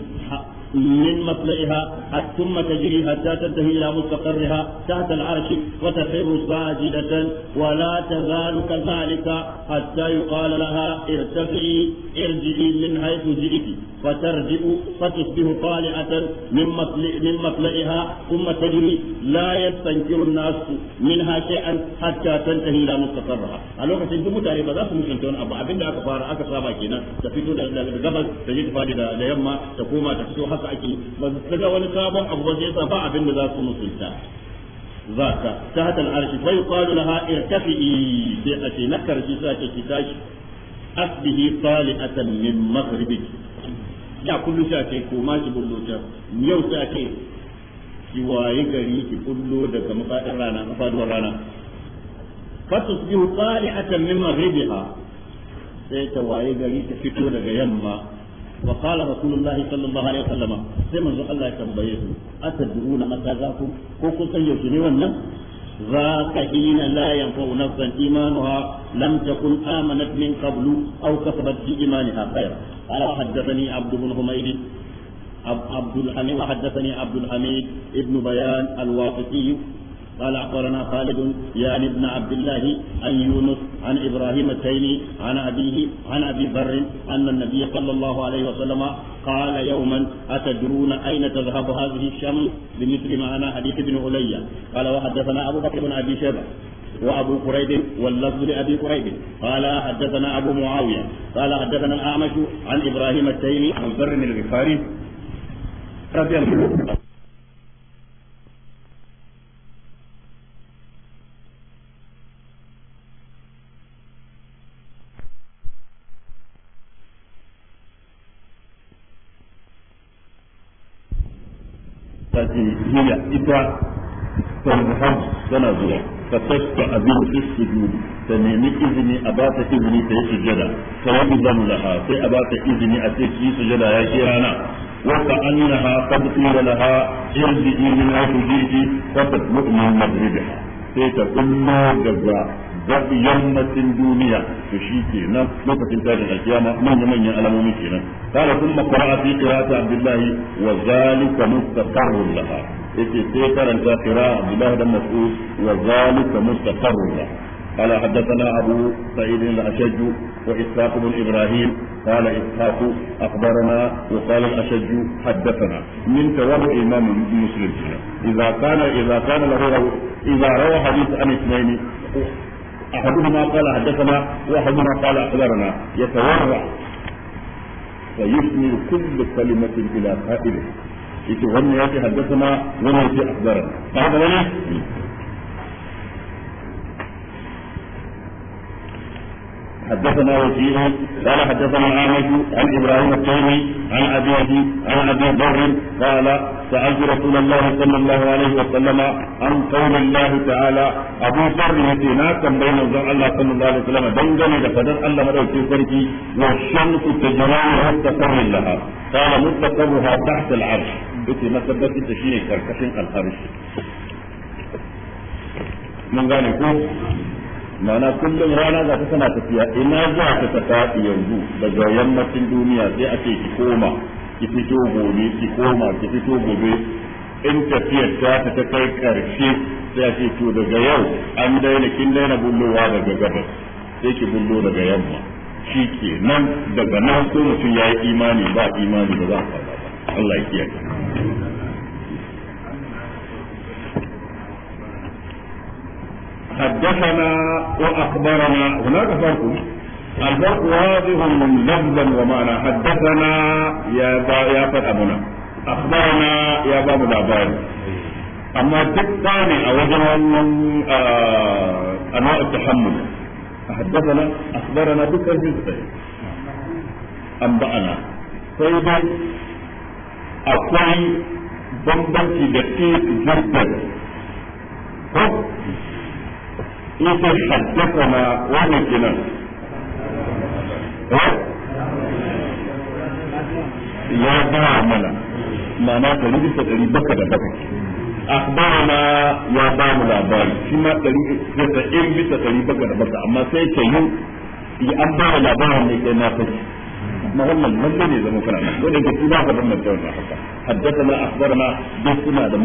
من مصلئها ثم تجري حتى تنتهي إلى مستقرها تحت العرش وتخر ساجدة ولا تزال كذلك حتى يقال لها ارتفعي ارجعي من حيث جئت فترجع فتصبح طالعة من مطلع من مطلعها ثم تجري لا يستنكر الناس منها شيئا حتى تنتهي إلى مستقرها. الوقت تجمع تعرف ذا سمسنتون أبو أبن أكفار أكفار باكينا تفتو دا غبل تجد فاجد دا يما تقوم تفتو haka ake ba su kaga wani sabon abu ba sai ba abin da za su musulta ذاك تحت العرش فيقال لها ارتفعي بأتي نكر جزاك ya kullu طالئة من مغربك يا كل شاكي كوما تبلو شاك يو شاكي kiwaye gari ki bullo daga mafaɗin rana mafaɗuwar rana fatusbihu qali'atan min maghribiha sai ta waye gari ta fito daga yamma وقال رسول الله صلى الله عليه وسلم سيما الله يتنبيه أتدعون متى ذاكم كوكو سيوشني ونم ذاك حين لا ينفع نفسا إيمانها لم تكن آمنت من قبل أو كسبت في إيمانها خيرا قال حدثني عبد بن حميد عبد الحميد وحدثني عبد الحميد ابن بيان الواقفي قال أخبرنا خالد يعني ابن عبد الله عن يونس عن إبراهيم التيمي عن أبيه عن أبي بر أن النبي صلى الله عليه وسلم قال يوما أتدرون أين تذهب هذه الشمس بمثل معنى حديث ابن علي قال وحدثنا أبو بكر بن أبي شيبة وابو كريب واللفظ لابي كريب قال حدثنا ابو معاويه قال حدثنا الاعمش عن ابراهيم التيمي عن بر الغفاري رضي الله عنه a ba ta izini ta yi sujada fa yabi zamu laha sai a ba ta izini a ce ki sujada ya ke rana wa ka annaha qad qila laha irji min haythu jiti fa tatlu'u min magribiha sai ta kunna gaba zaɓi yammacin duniya to shi ke nan lokacin tashin alkiyama manya manyan alamomi ke nan kala kun makara fi qira'ati abdullahi wa zalika mustaqarrun laha yace sai karanta qira'a abdullahi dan mas'ud wa zalika mustaqarrun laha قال حدثنا أبو سعيد الأشج وإسحاق بن إبراهيم قال إسحاق أخبرنا وقال الأشج حدثنا من توابع إمام مسلم إذا كان إذا كان له إذا روى حديث عن اثنين أحدهما قال حدثنا وأحدهما قال أخبرنا يتورع فيثني كل كلمة إلى قائله يتغني يأتي حدثنا وما يأتي أخبرنا هذا حدثنا وكيع قال حدثنا عامر عن ابراهيم التيمي عن ابيه عن ابي ذر قال سالت رسول الله صلى الله عليه وسلم عن قول الله تعالى ابو ذر يتناكم بين الله صلى الله عليه وسلم دنجني لقدر الله مدعوكي فرقي والشمس تجري مستقر لها قال مستقرها تحت العرش بيتي ما ثبت تشيء كركشن العرش من ذلك ma'ana kullum rana za ta tana tafiya ina za ta ta yanzu daga yammacin duniya sai a ce ki koma ki fito gobe ki koma ki fito gobe in tafiyar ta ta ta kai karshe sai a ce to daga yau an daina kin daina bullowa daga gabas sai ki bullo daga yamma shi ke nan daga nan ko mutum ya yi imani ba imani ba za a fara ba Allah ya kiyaye حدثنا وأخبرنا هناك فرق الفرق واضح من لفظا ومعنى حدثنا يا با يا فتحنا أخبرنا يا باب الأبار أما الثاني أوجه أنواع التحمل حدثنا أخبرنا بكر جزء أنبأنا طيب أقوي بمبكي دقيق جدا ita haddasana wani kenan eh? ya ba mana ma'ana ɗari bisa ɗari baka da baka akhbarana ya ba mu labari shi ma ɗari bisa ɗari bisa ɗari baka da baka amma sai ke yi an ba labarin ne kai na fashi muhammad lalle ne zama kana nan dole ka tuba ka bambanta wannan haka haddathana akhbarana duk suna da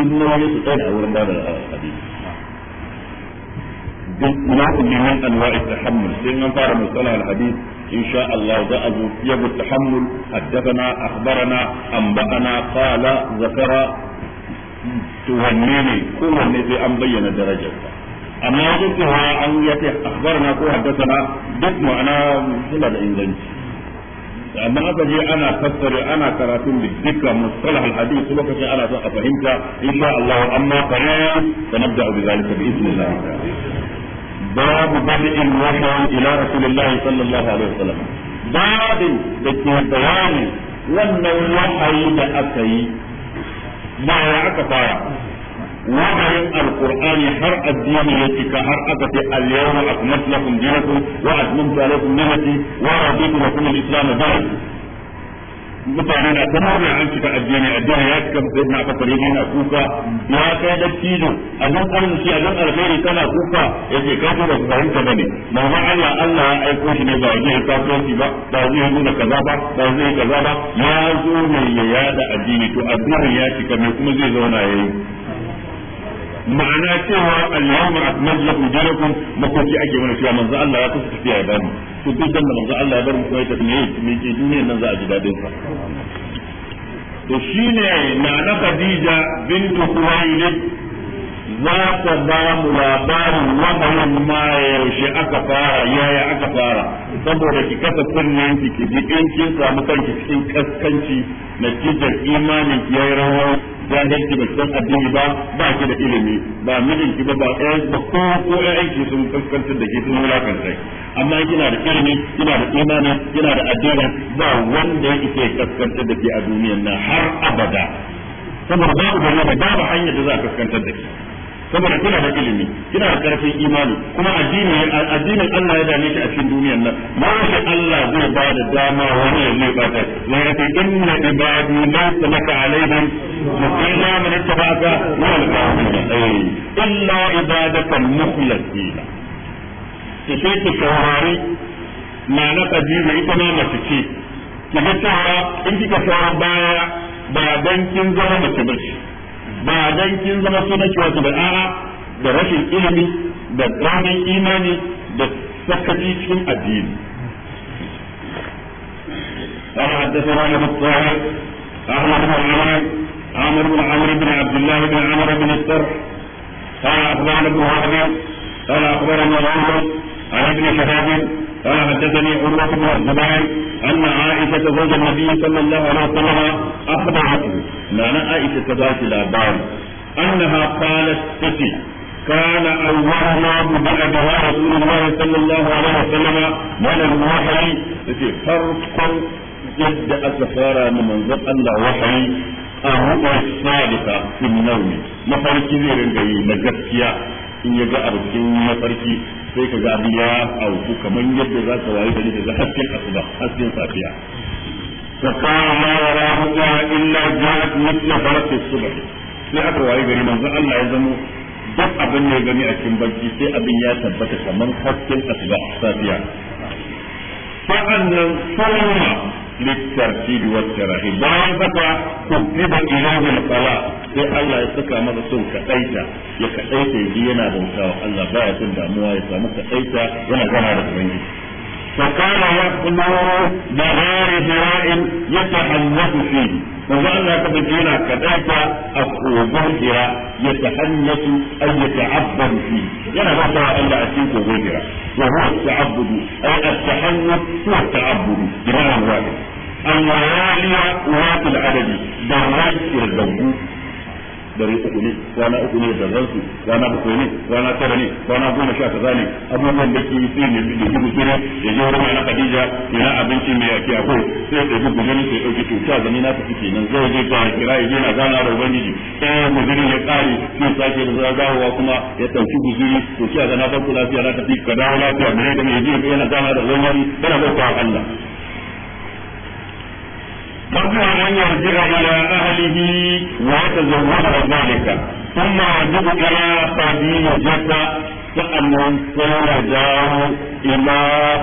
jinnawa yake tsaya a wurin da hadisi ناخذ من انواع التحمل سيدنا نطار مصطلح الحديث ان شاء الله ذا ابو يبو التحمل حدثنا اخبرنا انبانا قال ذكر تهنيني كل الذي امبين درجته اما ذكرها ان يتي اخبرنا كو حدثنا دك معنى مثل الانجليزي amma aka je ana fassara ana karatun da مصطلح الحديث alhadis lokacin ana so a fahimta insha Allah amma kana sanabda bi zalika babu badi'in wahyi ila rasulillahi sallallahu alaihi wasallam babin da ke bayani wannan wahayi da aka yi ba ya aka fara wahayin alqur'ani har addini ya cika har a ce al-yawma akmaltu lakum dinakum wa atmamtu islam mutane na ta mara an cika addini addini ya cika sai na ka fare na kuka ya kai da cizo a nan karin shi a nan alheri tana kuka yake kai ko ba ku ta bane mama Allah Allah ya aiko shi ne ba zai shi ba ba zai nuna kaza ba ba zai kaza ba ya zo ne ya yada addini to addini ya cika me kuma zai zauna ya yi. ma'ana cewa al-yawma akmaltu lakum dinakum makoki ake mana cewa manzo Allah ya kusa tafiya ya bani to duk da manzo Allah ya bar mu kai tafiya ne ke duniyar nan za a ji dadin sa to shine na na Khadija bintu Khuwaylid za ka ba mu labarin wadannan ma yaushe aka fara yaya aka fara saboda ki kasa kunnen ki ki in kin samu kanki cikin kaskanci natijar imanin ki yayi rawa jahilci ba san addini ba ba ki da ilimi ba mijin ki ba ba ba ko ko aiki sun kaskantar da ke sun sai amma kina da ilimi kina da imani kina da addini ba wanda yake kaskantar da ke a duniyan nan har abada saboda babu gari da babu hanyar da za a kaskantar da ke saboda kina da ilimi kina da karfin imani kuma addini addinin Allah ya dame ki a cikin duniyar nan ma shi Allah zai ba da dama wani ya zai ba ta zai inna ibadu laysa laka alaihim muqima min ittaba'aka wal kafirin illa ibadaka mukhlasin ki sai ki saurari na na kadira ita ma mace ce ki ga cewa in kika saurara baya ba dan kin zama mace bace ba dan kin zama da wato da a'a da rashin ilimi da ramin imani da sakaci cikin addini قال حدثنا ابو الطاهر احمد بن عمر عمر بن عمر بن عبد الله بن عمر بن الطرح قال اخبرنا ابن وهب قال اخبرنا عمر عن ابن شهاب قال حدثني عمر بن الزبير ان عائشه زوج النبي صلى الله عليه وسلم اخبرته معنى عائشه ذات الابان انها قالت تتي كان أول ما بدأ رسول الله صلى الله عليه وسلم من الوحي في فرق جد أسفارا من منظر الله وحي الرؤيا الصادقة في النوم ما فرق كبير الجميل نجسيا إن يجاء بكين مفارقي sai ka ga ya auku kamar yadda za ka wayi gari daga hasken asuba hasken safiya فقال ما وراءها إلا جاءت مثل فرق الصبح sai aka waye gari manzo Allah ya zamo duk abin da ya gani a cikin barci sai abin ya tabbata kamar hasken asuba safiya sa'annan sunna littartibi wa tarahi bayan haka kutiba ilahi al-qala sai Allah ya saka masa son kadaita ya kadaita ya ji yana wa Allah ba ya son damuwa ya samu kadaita yana gana da ubangiji فقال يأمر بغار ذراء يتحنث فيه وجعلنا تبجينا كذلك أخوضه يتحنث أي يتعبد فيه يعني بطر ألا أتيك غيره وهو التعبد أي التحنث هو التعبد بمعنى واحد يالي ذات العدد بالرأي الزوج dare uku ne rana uku ne da zansu rana bakwai ne rana tara ne rana goma sha kaza ne abubuwan da ke sai ne da ke gusure ya je wurin ana Khadija yana abinci mai yaki akwai sai da ɗauki gudunin sai ya ɗauki cuta zani na tafi nan zai je ta kira ya je na gana da ubangiji sai gudunin ya ƙare sai sake da dawowa kuma ya ɗauki guzuri to kiya ga na farko lafiya na tafi ka dawo lafiya mai da mai je yana gana da ubangiji yana bauta Allah قبل أن يرجع إلى أهله ويتزوج ذلك ثم يجب إلى قديم جدة خديجة فأنهم سيرجعوا إلى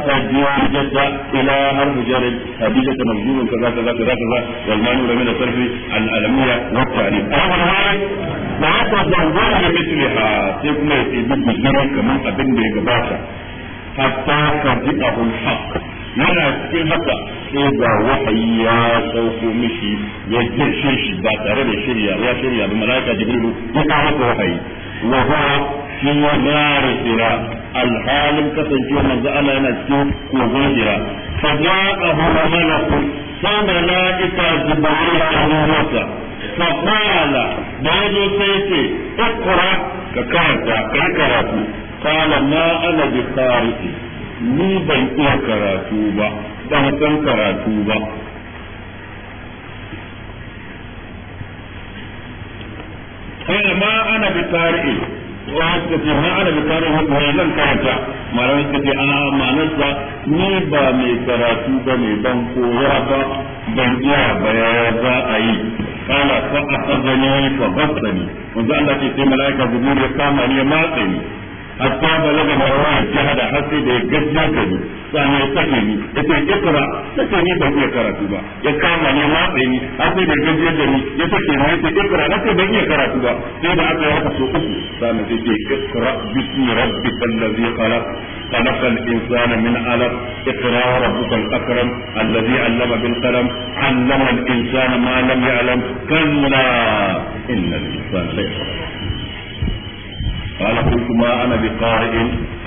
قديم جدة إلى أرض جرب خديجة مجنون كذا كذا كذا كذا والمعنى من الصرف الألمية والتعريف أول واحد ويتزوج مثلها سيكون يتبدل كمان أبن بيجباشا حتى ترجعه الحق yana cikin haka sai ga wahayi ya sauko mishi ya jirshe shi ba tare da shirya ya shirya da malaika jibrilu ya kawo masa wahayi wa huwa fi nari sira alhalin kasancewa manzo Allah yana cikin kogon sira fa ga ja'ahu malaku sai malaika jibrilu ya zo masa fa qala da yazo sai ce ukura ka karanta ka karatu qala ma ana bi qari'in ni ban iya karatu ba ban san karatu ba kai ma ana bi tarihi wa haka ce ma ana bi tarihi haka ne zan karanta malamai suka ce ana sa ni ba mai karatu ba ne ban koya ba ban iya baya za a yi kana fa a fa basani wanda Allah ke sai mala'ika zubur ya kama ni ya matsa ni hatta balaga da ruwa jihada har sai da ya gajiya ka ni sannan ya sake ni ya ce ikra sake ni da iya karatu ba ya kama ma matsayi ni har sai da gajiya da ni ya sake ni ya ce ikra na ce ban karatu ba sai da aka yi haka so uku sannan sai ce ikra bismi rabbikal ladzi khalaq خلق الإنسان من علق اقرأ ربك الأكرم الذي علم بالقلم علم الإنسان ما لم يعلم كلا إن الإنسان ليس قال قلت ما انا بقارئ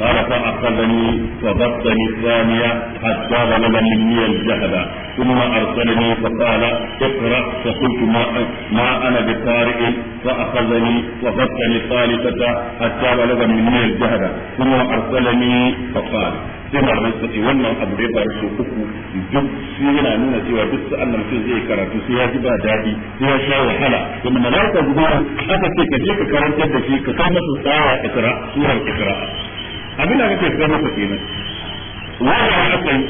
قال فأخذني فبطني الثانية حتى غلب مني الجهد ثم أرسلني فقال اقرأ فقلت ما, ما أنا بقارئ فأخذني وبطني الثالثة حتى غلب مني الجهد ثم أرسلني فقال sai malamai suka ce wannan abu da ya faru sau uku duk shi yana nuna cewa duk sa'an da mutum zai karatu sai ya ji ba daɗi sai ya sha wahala kuma malaika guda aka ce ka je ka karantar da shi ka kai masa tsara ikra surar ikra abin da kake tsaye masa kenan wanda ya kai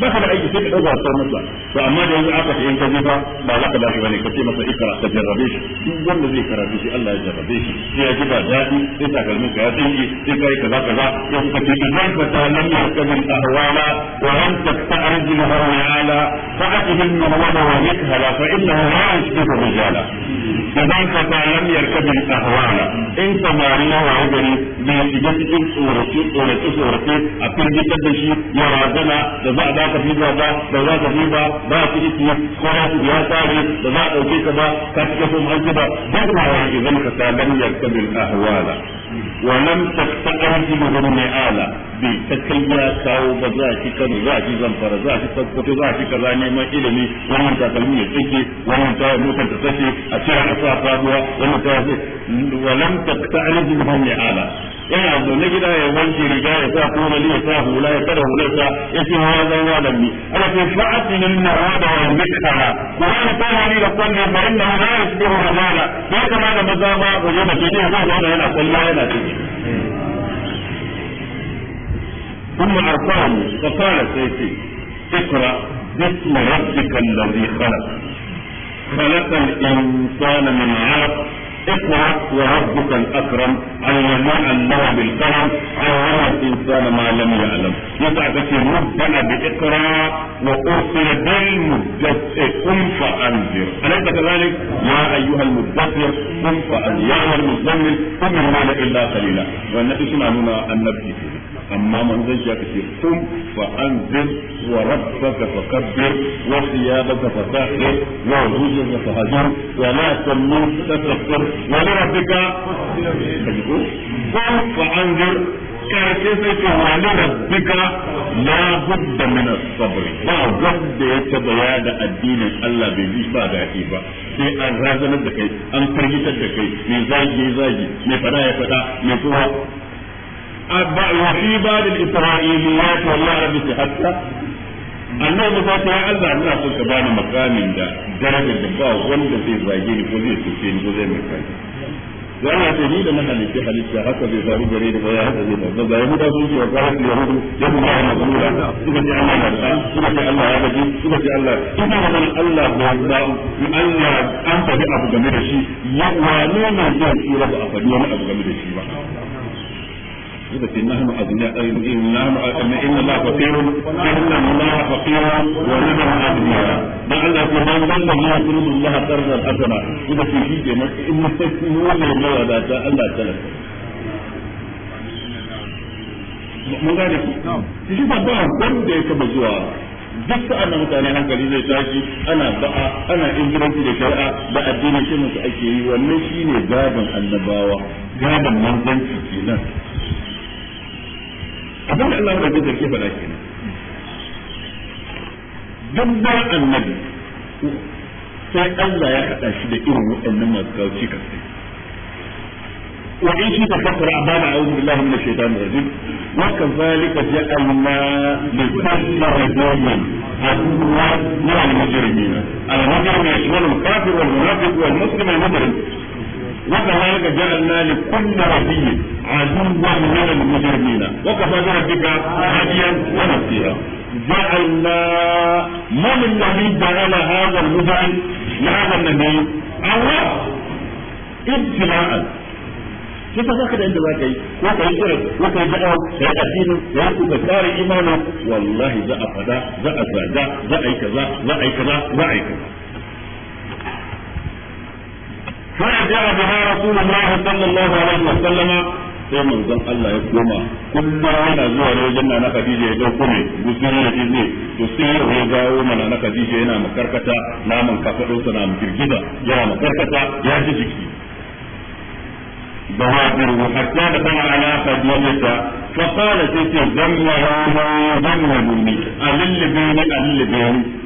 ba ka da aiki sai ka dauka ka masa to amma da yanzu aka ce in ka jefa ba za ka ba shi bane ka ce masa ikra ka jarrabe shi duk wanda zai karatu shi Allah ya jarrabe shi sai ya ji ba dadi sai takalmin ka ya tsinki sai kai kaza kaza ya suka ce idan ka ta lam ya kabil ahwala wa lam tasta'rid al hawala fa atihim marwana wa yakhala fa innahu la yashbihu rijala idan ka ta lam ya kabil ahwala in samari ya wa gari bai shiga cikin tsorace tsorace tsorace a firgitar da shi ya razana da za a za ka riba ba ba za ka riba ba ki iki ko ya ku ya tsare ba za ka dauke ka ba ka fi so mu ba duk ma ya zama ka saban yarkabil ahwala wa lam tastaqim min ni'ala bi ta kai ya kawo ba za ki kano za ki zamfara za ki tabbato za ki kaza neman ilimi wannan takalmi ya tsike wannan ta motar ta a cikin kasa faduwa wannan ta ce wa lam tastaqim min ni'ala yana zaune gida ya wanke riga ya sa kuma ya sa hula ya kada hularsa ya ce wa zan wa lammi ana ce fa'atin ko da kullu fa innahu ya da maza ba wajen da ke ne za yana kullu yana ثم أرسلني فقال سيدي اقرأ باسم ربك الذي خلق خلق الإنسان من عرق اقرأ وربك الأكرم علم الله بالكرم علم الإنسان ما لم يعلم يسعى في مبتلى بإقرأ وأرسل بالمدثر قم فأنذر أليس كذلك؟ يا أيها المدثر قم فأنذر يا أيها المزمل قم إلا قليلا والنبي سمعنا النبي amma manzon shi aka ce kum fa anzir wa rabbaka fakabbir wa thiyabaka fatahhir wa rujulaka fahajir wa la tamnun tatakbir wa li rabbika kum fa anzir karshe sai ce wa li rabbika la budda min as-sabr ba wanda ya taba da addinin Allah bai ji ba daɗi ba sai an razanar da kai an firgitar da kai mai zagi zagi mai fada ya fada mai tsoha وفي بعض الإسرائيليات والله ربي صحتها annabi Musa ta Allah ina so ka bani makamin da darajar da ba wanda zai zage ni ko zai tuce ni ko zai mai kai wannan ce ni da na halitta halitta haka zai faru gare da bayan haka zai faru da yahuda sun ce wa kawai da yahudu ya kuma ya na gamura suka ce Allah ya da suka ce Allah ya gaji suka ce Allah ina wannan Allah ba Allah an faɗi abu game da shi ya wani ne zai tsira ba a faɗi wani abu game da shi ba إذا نحن أغنياء إن الله فقير إن الله فقير ونحن ما ما الله إذا في شيء إن لا تلف ya taba zuwa duk sa'an da mutane hankali zai tashi ana ba'a ana injiranci da shari'a da addini shi ake yi wannan shine gaban annabawa gaban manzanci kenan abin da Allah bai da ke fada kenan duk da annabi sai Allah ya hada shi da irin waɗannan masu kawo cikas وإن شئت فقر أبانا أعوذ بالله من الشيطان الرجيم وكذلك جعلنا لكل رجل عدوا من المجرمين المجرم يشمل الكافر والمنافق والمسلم المجرم وكذلك جعلنا لكل نبي عدوا من المجرمين وكفى بربك هاديا ونصيرا جعلنا من الذي جعل هذا المجرم لهذا النبي الله ابتلاء sai zaka da inda zaka yi ko ka yi irin ko ka yi da'a ka yi addinin ka yi kuma tsari imanin wallahi za a fada za a zaga za a yi kaza za a yi kaza za a yi kaza فجاء بها رسول الله صلى الله عليه وسلم sai manzon Allah ya koma kullum yana zuwa wajen na Khadija ya dauko ne gusuri da jizi to sai ya dawo mana na Khadija yana makarkata naman kafadon sa na girgiza yana makarkata ya ji jiki بوادر وحتى دخل على خديجة فقال سيدي ذنبها ذنب مني ألل بيني ألل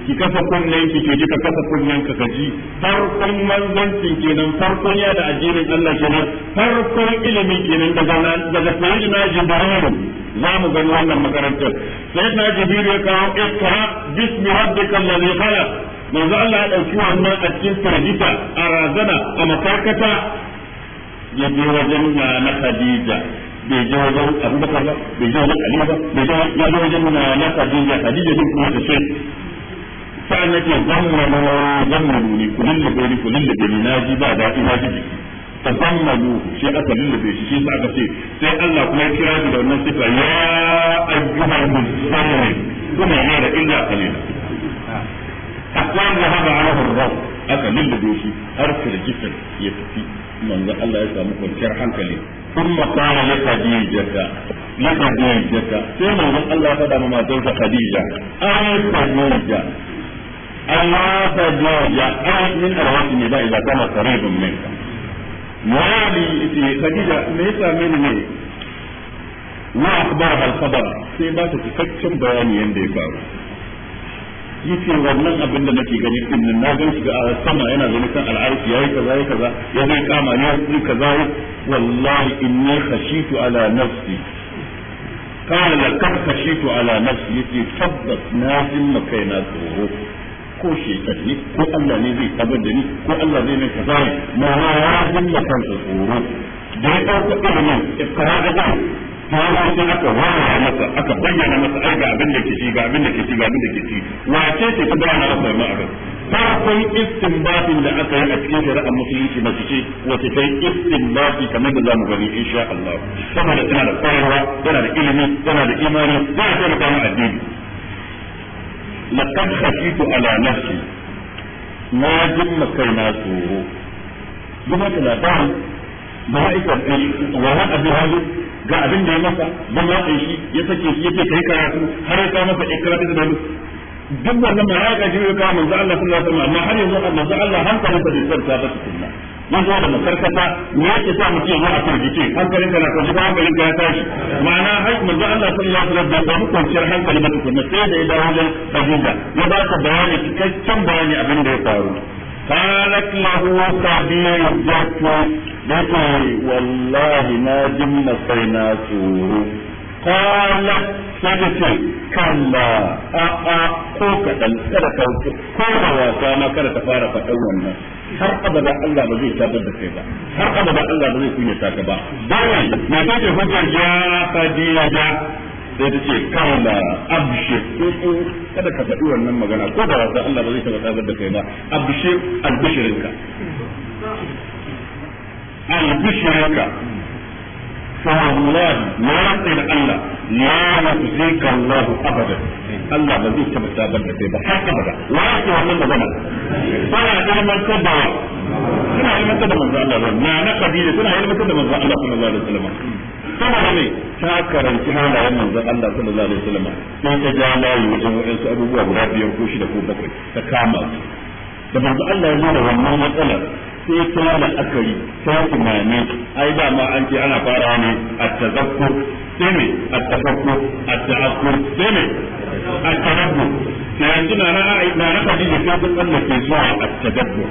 ki kafa kunnen ki ki ka kafa kunnen ka kaji farkon manzancin kenan farkon yada addinin Allah kenan farkon ilimi kenan daga daga sayyidina Jibril za mu gani wannan makarantar Sai sayyidina Jibril ya kawo ikra bismi rabbikal ladhi khalaq manzo Allah ya dauki wannan a cikin firgita a razana a makakata ya je wajen na Khadija bai je wajen Abubakar ba bai je wajen Ali ba bai je wajen na Khadija Khadija din kuma ta ce sa'an nake zammanu zammanu ne kulin da bai kulin da bai na ji ba daɗi na ji ta zammanu shi aka lullube shi shi aka ce sai Allah kuma ya kira shi da wannan sifa ya ayyuhal muzammin kuma yana da illa kalila akwai zahaba alahu rabb aka shi har firgitar ya tafi manzo Allah ya samu kwanciyar hankali ثم قال sai لخديجة Allah من الله ma ما تنسى خديجة أي خديجة ألا تجوز أي من أرواح النداء إذا كان قريب منك مرادي في خديجة ليس مني وأخبرها الخبر سيبات تفكشن بياني عندي كارو yace wannan abin da nake gani din nan na gan shi ga sama yana gani kan al'arshi yayi kaza yayi kaza ya zai kama ne yayi kaza wallahi inni khashitu ala nafsi kana la kan khashitu ala nafsi yace na jin ko shekar ne ko Allah ne zai tabar da ni ko Allah zai mai kaza ne ma ya dinga kansa tsoro da ya dauka ilimin iftira'a da ta sai aka waya masa aka bayyana masa ai ga abin da ke ci ga abin da ke ci ga abin da ke ci wace ce ta bayyana masa wannan abin farkon istinbatin da aka yi a cikin shari'ar musulunci mace ce wace ta yi istinbati kamar da zamu gani insha Allah saboda tana da kwarewa tana da ilimi tana da imani za ta taimaka mu addini laqad khashitu ala nafsi na jimma kaina tsoro kuma da labarin ma'aikar wa ra'a bi hali ga abin da ya masa ya matsa shi ya sake shi yake kai karatu har ya kawo masa ikra da dalu duk wannan ma'aikar shi ya kawo manzo Allah sallallahu alaihi wasallam amma har yanzu manzo Allah hankalin sa bai sarta ba tukunna mun zo da makarkata me yake sa mutum ya a firgice hankalin ka na kwanci ba hankalin ka ya tashi ma'ana hai Allah sallallahu alaihi wasallam ba mu hankali ba tukunna sai da ya dawo da Khadija ya ba ka bayani cikakken bayani abin da ya faru قالت له صديقته بقي والله ما جمنا سينا قالت صدقي كلا أأ ko kaɗan kada ka ko da wasa ma kada fara wannan har abada Allah ba zai tabbatar da kai ba har abada Allah ba zai kunyata ka ba bayan na ce hujja ya fadiya sai ta ce kawala abshir kada ka faɗi wannan magana ko da wasa Allah ba zai taɓa da kai ba abshir albishirinka albishirinka فوالله ما يصير الله لا يخزيك الله ابدا الله ba zai taba tabar da kai ba har abada wa yake wannan magana bana ilmantar da suna ilmantar da manzo Allah ba na na kabila suna ilmantar da manzo Allah sallallahu alaihi wasallam saboda me ta karanci halayen manzo Allah sallallahu alaihi wasallam sai ta ja layi wajen wadansu abubuwa guda biyar ko shida ko bakwai ta kama su da manzo Allah ya da wannan matsalar sai ta la'akari ta tunani ai ba ma an ce ana fara ne a tazakkur sai ne a tafakkur a ta'akkur sai ne a tarabbu sai yanzu na na na na kadi da sai Allah ke zuwa a tazakkur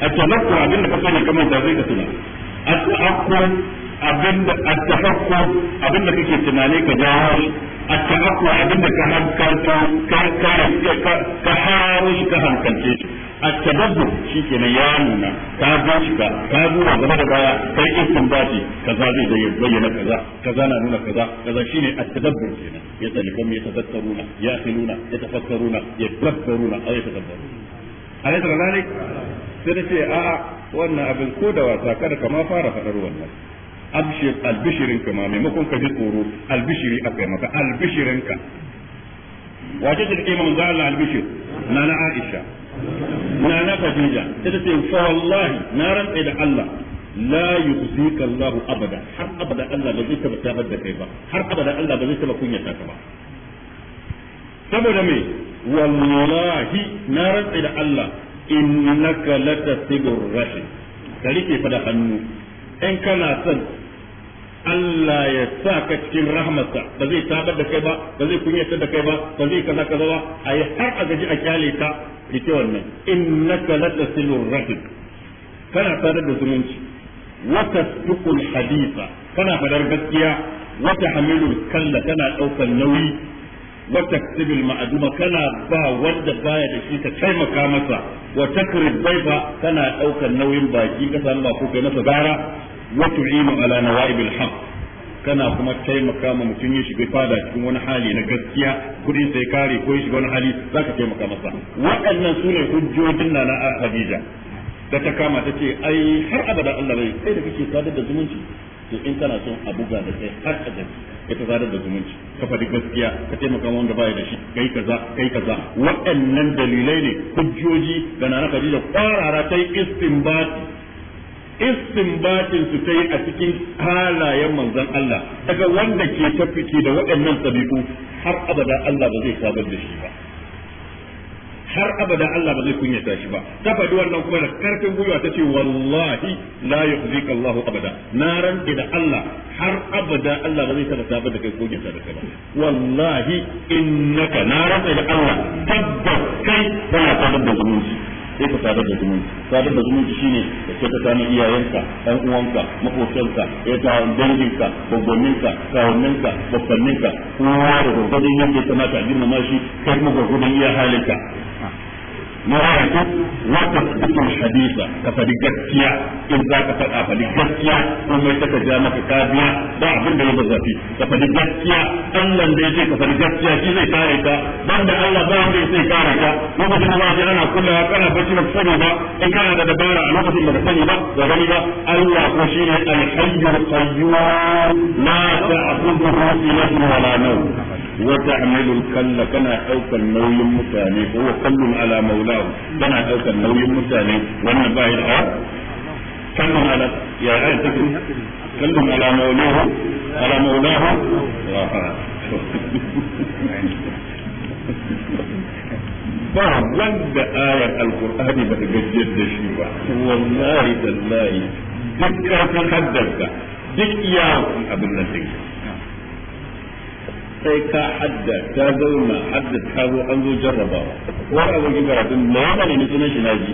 a tazakkur abin da ka sani kamar da zai ka tuna a ta'akkur abin da a tafakkur abin da kake tunani ka jawo shi a tafakkur abin da ka hankalta ka ka ka ka haro shi ka hankalce التدبر شيء كنا يامنا كابوشكا كابورا غمدا بايا كاي استنباطي كذا زي زي يبين كذا كذا نانونا كذا كذا شيء التدبر كنا يتلقون يتذكرون يأخلون يتفكرون يتدبرون أو يتدبرون أليس كذلك؟ سنتي آآ وأن أبو الكودة وأتاكد كما فار فقر والناس abshir albishirin ka ma maimakon ka ji tsoro albishiri aka yi maka albishirin ka wace ce take manzo Allah albishir na na Aisha na na Khadija ta ce fa wallahi na rantsa da Allah la yuhzika Allah abada har abada Allah ba zai taba tabar da kai ba har abada Allah ba zai taba kunyata ka ba saboda me wallahi na rantsa da Allah innaka latasibur ka rike hannu in kana son Allah ya sa ka cikin rahmarsa ba zai tabar da kai ba ba zai kunyata da kai ba ba zai kaza kaza ba a yi har a gaji a kyale ka rike wannan innaka latasilur rahim kana sadar da zumunci wa tasduqul haditha kana fadar gaskiya wa tahmilul kalla kana daukar nauyi wa sibil ma'duma kana ba wanda baya da shi ka taimaka masa wa takrib baiba kana daukar nauyin baki ka samu ba ko kai masa gara wa tu'inu kana kuma taimaka mutum ya shiga fada cikin wani hali na gaskiya kudin sai kare ko ya hali zaka taimaka masa waɗannan su ne hujjojin na na da ta kama ta ce ai har abada Allah bai kai da kake sadar da zumunci to in kana son a buga da kai har abada ka ta sadar da zumunci ka faɗi gaskiya ka taimaka wanda baya da shi kai kaza kai kaza waɗannan dalilai ne hujjoji da na Khadija kwarara ta yi istinbati istinbatin su sai a cikin halayen manzon Allah daga wanda ke tafiki da waɗannan ɗabi'u har abada Allah ba zai sabar da shi ba har abada Allah ba zai kunyata shi ba ta faɗi wannan kuma da karfin gwiwa ta ce wallahi la yuhzika Allahu abada na ranke da Allah har abada Allah ba zai taba sabar da kai ko da kai ba wallahi innaka na ranke da Allah tabbas kai ba sabar da zumunci sai ka sadar da zumunci sadar da zumunci shine da ke ta samu iyayenka ɗan uwanka makocinka ya eh, ta danginka gwagwaninka kawuninka bakwanninka kowa da gwagwadin yadda ya kamata a girmama shi kai kuma gwagwadin iya halinka na rayuwa wata dukkan hadisa ka fadi gaskiya in za ka faɗa fadi gaskiya kuma mai ka ja maka kabiya ba abin da ya zafi ka fadi gaskiya Allah da yake ka fadi gaskiya shi zai kare ka banda Allah ba wanda zai kare ka lokacin da ba ana kullawa kana bacci ba sani ba in kana da dabara a lokacin da ka sani ba da gani ba Allah ko shi ne al-hayyul qayyum la ta'khudhuhu sinatun wa وتعمل الكل كنا اوكا نوي متاني هو كل على مولاه كنا اوكا نوي متاني وانا باهي أه؟ كل على يا عيال أه، كل على مولاه على مولاه ba wanda ayar alkur'ani ba ta gajiyar da shi ba wallahi tallahi duk karfin haddarsa duk iya abin nan sai ka hadda ta zauna hadda ta zo an zo jarrabawa a wajen garafin na yana ne na sunan shi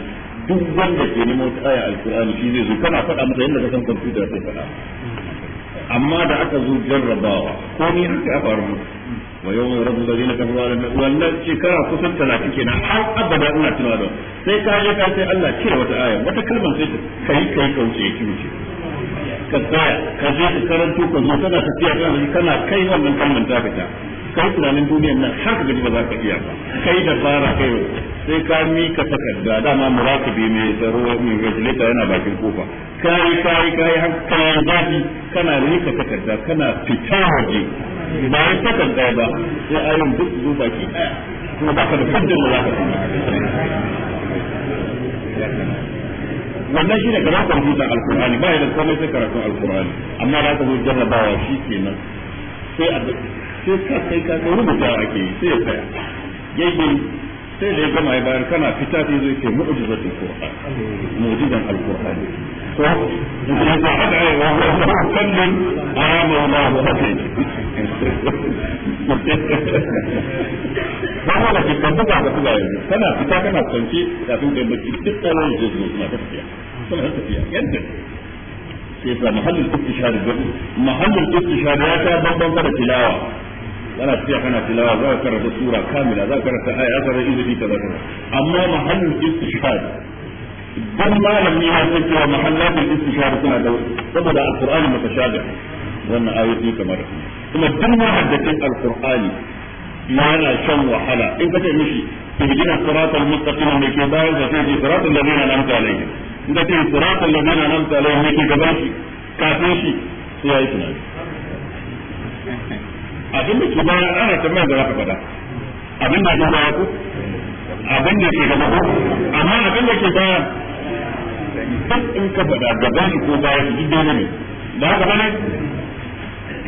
duk wanda ke neman wata aya alkur'ani shi zai zo kana faɗa masa yadda ka san kwamfuta sai faɗa amma da aka zo jarrabawa ko ni haka ya faru mu wa yau mai rabu da zina kafa wani wannan shekara kusan talatin kenan har abada ina tunawa da sai ka je ka sai Allah cire wata aya wata kalmar sai ka yi yi kauce ya kiwuce ka tsaya ka je ka karanto ka zo kana tafiya kana kana kai wannan kalman ta fita kai tunanin duniyar nan har ka gaji ba za ka iya ba kai da fara kai sai ka mika takarda dama murakibi mai tsaro mai regulator yana bakin kofa kai kai kai har kai zafi kana mika takarda kana fita waje ba ya takarda ba sai ayon duk zo baki daya kuma ba ka da kudin da wannan shine ka zaka rubuta alkur'ani ba da komai sai karatu alkur'ani amma za ka zo jarrabawa shi kenan sai a sai ka kai ka kai rubuta ake yi sai ya tsaya yayi sai da ya gama ya bayar kana fita sai zai ce mu'jizatul qur'an mu'jizan alkur'ani to ya ka hada ai wa sallan ayama Allah wa ba ma da ke kan buga ga buga yanzu kana fita kana kwance kafin kai bacci duk tsaron yanzu zuwa suna tafiya suna tafiya yanda sai sa mahallin istishari ga mahallin istishari ya ta bambam kada tilawa kana tafiya kana tilawa za ka karanta sura kamila za ka karanta aya za ka karanta izini kaza kaza amma mahallin istishari dan malami ya san cewa mahallatul istishara suna da saboda alqur'ani mutashabih wannan ayoyi kamar kuma duk ma haddace alqur'ani ma yana shan wahala in ka ce mishi ihdina siratal mustaqim ne ke bayan da sai siratal ladina an'amta alaihim in ka ce siratal ladina an'amta alaihim ne ke gaban shi kafin shi sai yayi tunani abin da ke bayan ana tambaya da zaka faɗa abin da ke baya ku abin da ke gaba ku amma abin da ke baya duk in ka faɗa gaban ko baya shi duk ne da haka ne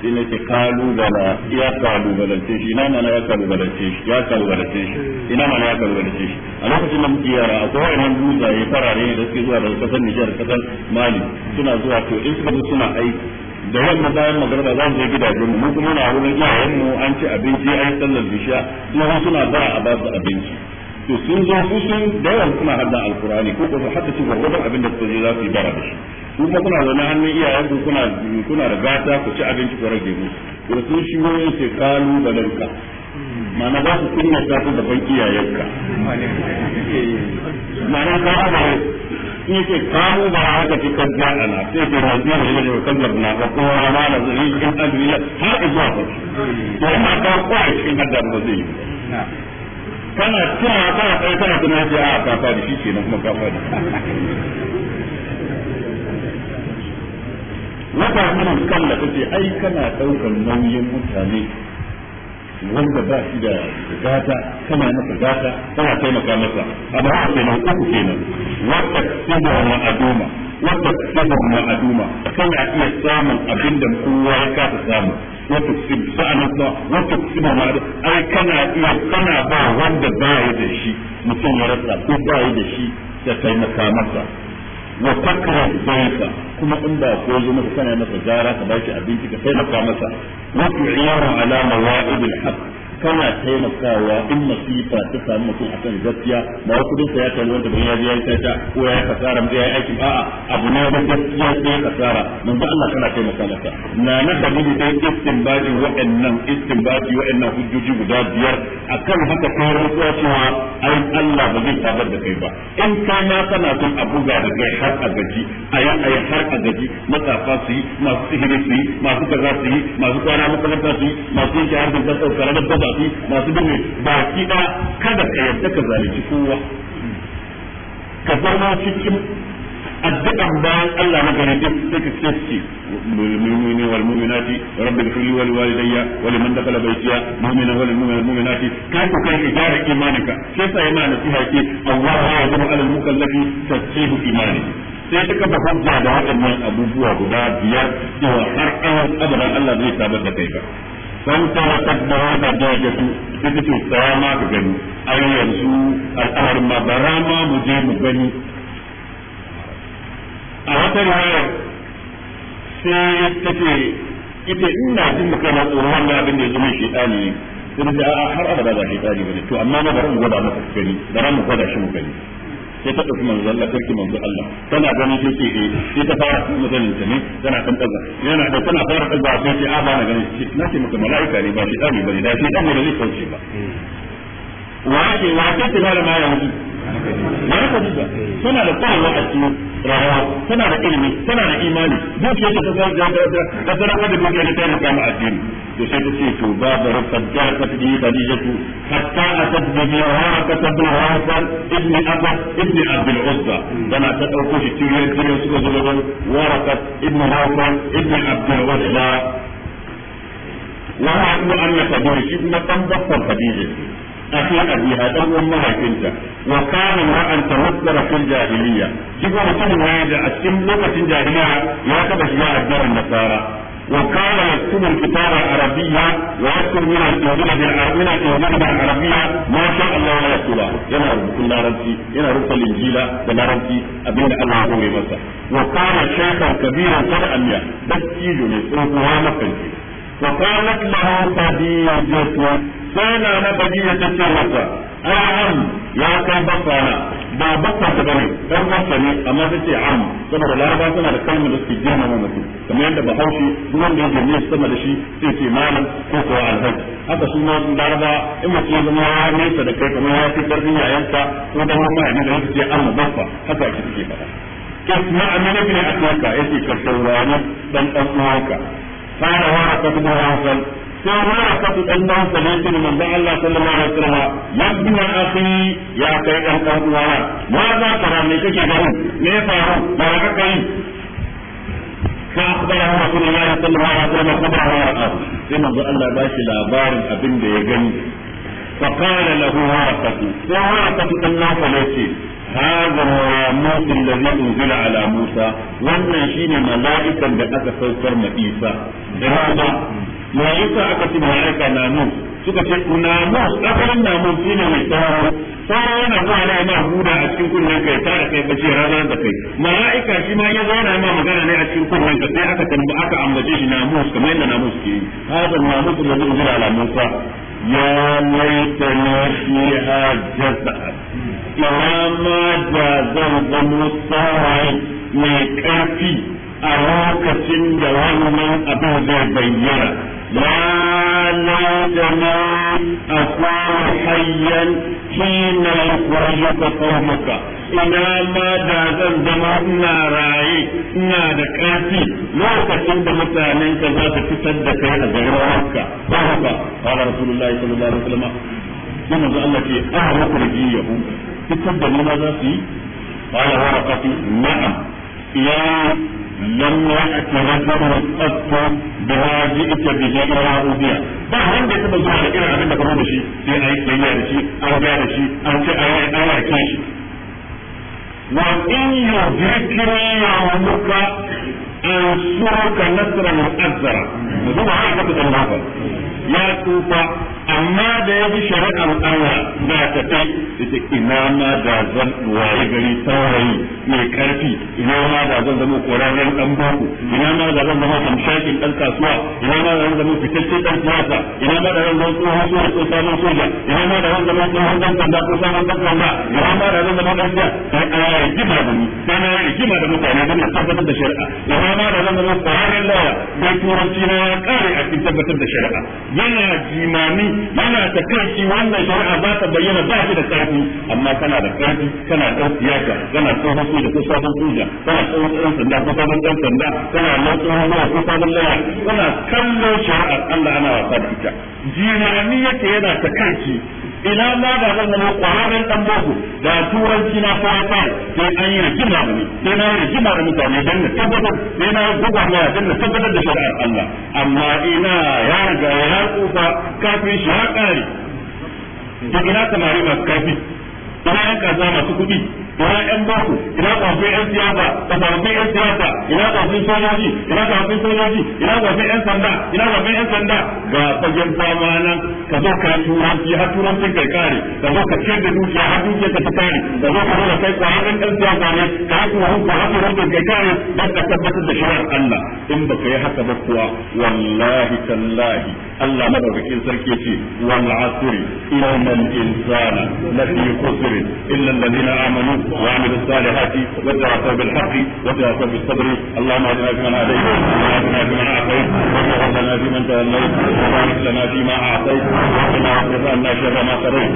sai na ce kalubala ya kalubalance shi ina mana ya kalubalance shi ya kalubalance shi ina mana ya kalubalance shi a lokacin da muke yara akwai wayannan dutsaye farare ne da suke zuwa daga kasar Nijar kasar Mali suna zuwa to in suka suna aiki da wannan bayan magarba za mu je gidajen mu kuma na wurin iyayen mu an ci abinci ai sallar bishiya kuma suna bara a ba su abinci to sun zo su sun da yawan suna hadda alkurani ko ko su hadda su gurgurdan abin da suke za su yi bara da su kuma kuna zaune hannun iyayen ku kuna kuna da gata ku ci abinci ku rage mu to su shi wani ce kalu da lanka ma'ana ba su kunya ta da ban iyayenka ma'ana ka ba shi ke kamu ba haka ce kan na sai ke ne da yake kallab na ga ko rama da zai yi kan adriya har zuwa ba to ma ka kwai shi ga da ba zai kana tuna ba kai kana tuna ce a ka fadi shi na kuma ka fadi wannan kalla ce ai kana daukar nauyin mutane wanda ba shi da gata kana masa gata kana taimaka masa amma a kenan uku nan wata tsibu wa aduma wata tsibu wa aduma kana iya samun abin da kowa ya kasa samu wata tsibu sa'an kuma wata tsibu da, ai kana iya kana ba wanda ba ya da shi mutum ya rasa ko ba ya da shi ya taimaka masa wa takra dayka kuma in ba ko zo maka kana masa zara ka bashi abinci ka sai maka masa wa tu'ira ala mawa'id al-haqq kana taimakawa in masifa ta samu mutum akan gaskiya ba wasu duk ya kalli wanda ban ya ji yayi ko ya kasara ya yi aikin a'a abu ne da gaskiya sai kasara mun ba Allah kana taimaka masa na na da mu dai baji wa'annan istinbadi wa'annan hujjoji guda biyar akan haka kai rantsuwa cewa ai Allah ba zai tabar da kai ba in ka ma kana son a buga da kai har a gaji aya ayi har a gaji matafa su yi masu sihiri su yi masu kaza su yi masu kwana makaranta su yi masu yanke harkar da saukar da masu masu bin baki da kada ka yarda ka zalunci kowa ka zama cikin addu'an bayan Allah na gari duk sai ka sace mu'mini wal mu'minati rabbi ighfirli wa liwalidayya wa liman dakhala baytiya mu'mina wal mu'minati kai ku kai ka gyara imaninka sai sai yana nasiha ce Allah ya yajibu ala al mukallafi tasfihu imani sai ta kafa hujja da waɗannan abubuwa guda biyar cewa har abada Allah zai tabar da kai ka فانطلقت له خديجة تبت السلامة da أي ينسو الأمر ما براما مجيب بني أعطى الهير سيتكي ita ina jin maka tsoron da abin da ya zama shedani ne sai a har abada ba shedani bane to amma na bari mu gwada maka gani bari mu gwada shi mu gani sai ta ɗauki manzo Allah sarki manzo Allah tana gani shi ke eh sai ta fara maganin ta ne tana kan ɗaga yana da tana fara ɗaga sai ce a ah, ba na ganin na ce maka mala'ika ne ba shi ɗani ba ne da shi ɗan zai kauce ba wace wace ce da ma yanzu wani kadija tana da kwarewa a cikin rayuwa tana da ilimi tana da imani dukiyar ta zai da da da da da dukiyar ta yana kama addini to sai ta ce to babu rafadda ta fi kadijatu hatta atat bi waraka tabul waraka ibn abba ibn abdul uzza dana ta dauko shi cikin cikin suka zo gaban waraka ibn waraka ibn abdul uzza wa ha'u anna kadijatu shi kuma dan bakkar kadijatu أخي أبيها تقول أمها كنت وكان امرأة تمثل في الجاهلية جبوا مثل هذا أسم لغة الجاهلية لا يا أبناء النصارى وكان يكتب الكتاب العربية ويكتب من الإنجيل من الإنجيل العربية ما شاء الله لا يكتبه ينا ربك العربي ينا ربك الإنجيل بالعربي أبين الله هو مسا وكان شيخا كبيرا قد أميا بس يجوني سوف هو مكنتي فقالت له خديجة سينا نبدية تشوفة أعم يا na ba bakka ta bane dan wasa ne amma ta ce am saboda laraba tana da kalmar da suke girmama mutum kamar yadda bahaushe duk wanda ya girme sama da shi sai ce malam ko ko alhaji haka su ma laraba in mutum ya zama ya nesa da kai kamar ya fi karfin yayanka ko dan wani mai da yake ce am bakka haka ake take faɗa kasma amina bin akwaka yake ka saurari dan dan uwanka قال ورقة بن عوفل sai warakatu dan ya kai dan dan uwana ma za ka rame kake garin me ya ba ka فأخبره رسول الله صلى الله عليه وسلم خبره الله باشي لابار أبن فقال له هذا الراموس الذي أنزل على موسى wannan shine mala'ikan da aka saukar ma Isa da haka Isa aka ce mala'ika na nun suka ce namu asalin namu shi ne mai tsaro tsaro yana zuwa na ma huda a cikin kunnen kai ta kai bace ranar da kai mala'ika shi ma ya zauna ma magana ne a cikin kunnen ka sai aka tambu aka ambace shi mu kamar yadda mu ke yi hada mu da zai jira ala musa ya shi fiha jaza ina ma da zan zama tsawai mai ƙarfi a lokacin da wannan abin zai bayyana يا ليتنا أكون حيا حين يخرجك قومك ina ma da zan zama ina raye ina da ƙarfi lokacin da mutanen ka za su da kai a garin haka ba haka qala rasulullahi sallallahu alaihi wasallam kuma manzo da لم يأت رجل ba wanda ya taba zuwa da irin abin da ka da shi sai a yi tsayayya da shi an ga da shi an ce a yake shi wa in zuwa ya tufa amma da ya bi shari'ar Allah da ta kai ita ina ma da zan waye gari saurayi mai karfi ina ma da zan zama koraren dan ina ma da zan zama hamshakin dan kasuwa ina ma da zan zama fitacce dan siyasa ina ma da zan zama tsohon soja ko sabon soja ina ma da zan zama tsohon dan sanda ko dan sanda ina ma da zan zama dan sai da ni sai da mutane don tabbatar da shari'a ina ma da zan zama koraren lawa turanci na ya kare a cikin tabbatar da shari'a yana jimami yana ta kai wannan shari'a za ta bayyana ba shi da karfi amma kana da karfi kana da siyasa kana tsohon su da kusa don kuja kana tsohon ɗan sanda kusa don ɗan sanda kana da tsohon lawa kusa don lawa kana kallon shari'ar Allah ana wasa da ita jirani yake yana ta kai ina ma ga zan zama kwararren dan boko da turanci na fa fa sai an yi rigima ne ni sai na yi rigima da mutane dan na tabbatar sai na gugwa ma dan na tabbatar da shari'ar Allah amma ina ya riga ya tsufa kafin shi ya kare to ina samari masu kafi ina yan kaza masu kuɗi ina yan boko ina kwafin yan siyasa kwafin yan siyasa ina kwafin sojoji ina kwafin sojoji ina kwafin yan sanda ina kwafin yan sanda ga fagen fama nan ka zo ka turanci har turancin kai kare ka zo ka ciyar da dukiya har dukiyar ka ta kare ka zo ka zo kai yan siyasa ne ka ka kai kare don ka tabbatar da shirar Allah in ba ka yi haka ba kuwa wallahi tallahi Allah madaukakin sarki ce wal asri innal insana lafi khusr illa alladhina amanu وعملوا الصالحات وتواصوا بالحق وتواصوا بالصبر اللهم اجعلنا فيمن عليك وعافنا فيمن عافيت وتولنا لنا فيمن توليت وبارك لنا فيما اعطيت وقنا واصرف عنا شر ما قضيت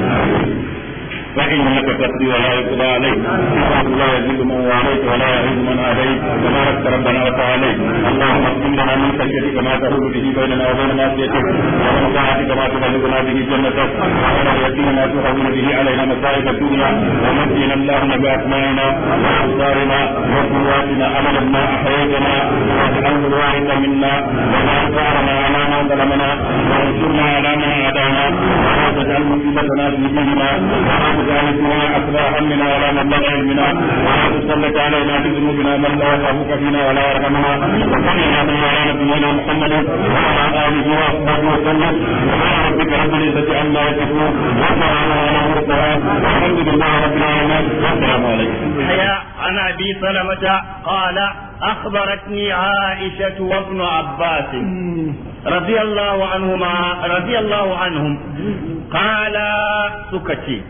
فإنك تقضي ولا يقضى عليك إنه لا يزيد من وعليك ولا يعيد من عليك تبارك ربنا وتعاليك اللهم اقسم لنا من خشيتك ما تحول به بيننا وبين معصيتك ومن طاعتك ما تبلغنا به جنتك ومن اليقين ما تهون به علينا مصائب الدنيا ونجينا اللهم بأسمائنا وأبصارنا وقواتنا أملا ما أحييتنا واجعله الواحد منا وما أنصارنا على ما ظلمنا وانصرنا على ما عادانا ولا تجعل مصيبتنا في ديننا میلہ کرم کر عن أبي سلمة قال أخبرتني عائشة وابن عباس رضي الله عنهما رضي الله عنهم قال سكتي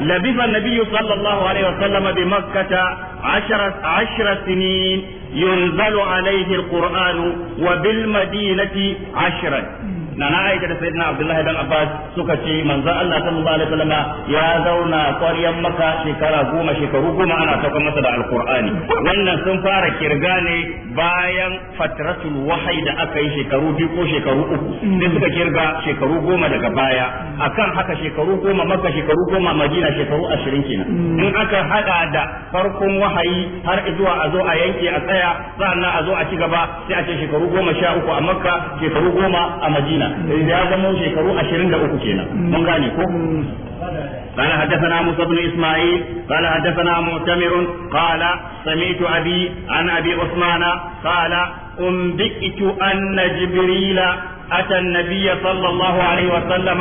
لبث النبي صلى الله عليه وسلم بمكة عشرة, عشر سنين ينزل عليه القرآن وبالمدينة عشرة na na aisha da sayyidina abdullahi dan abbas suka ce manzon Allah sallallahu alaihi wasallam ya zauna ƙwaryan maka shekara goma shekaru goma ana sauka masa da alqur'ani wannan sun fara kirga ne bayan fatratul wahyi da aka yi shekaru biyu ko shekaru uku sai suka kirga shekaru goma daga baya akan haka shekaru goma maka shekaru goma madina shekaru ashirin kenan in aka hada da farkon wahayi har zuwa a zo a yanke a tsaya sannan a zo a ci gaba sai a ce shekaru goma sha uku a makka shekaru goma a madina kenan ya zama shekaru 23 kenan mun gane ko قال حدثنا موسى بن اسماعيل قال حدثنا معتمر قال سمعت ابي عن ابي عثمان قال انبئت ان جبريل اتى النبي صلى الله عليه وسلم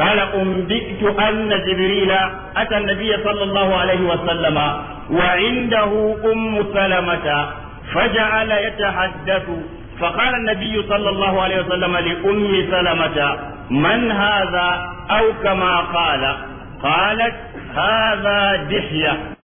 قال انبئت ان جبريل اتى النبي صلى الله عليه وسلم وعنده ام سلمه فجعل يتحدث فقال النبي صلى الله عليه وسلم لأم سلمة من هذا أو كما قال قالت هذا دحية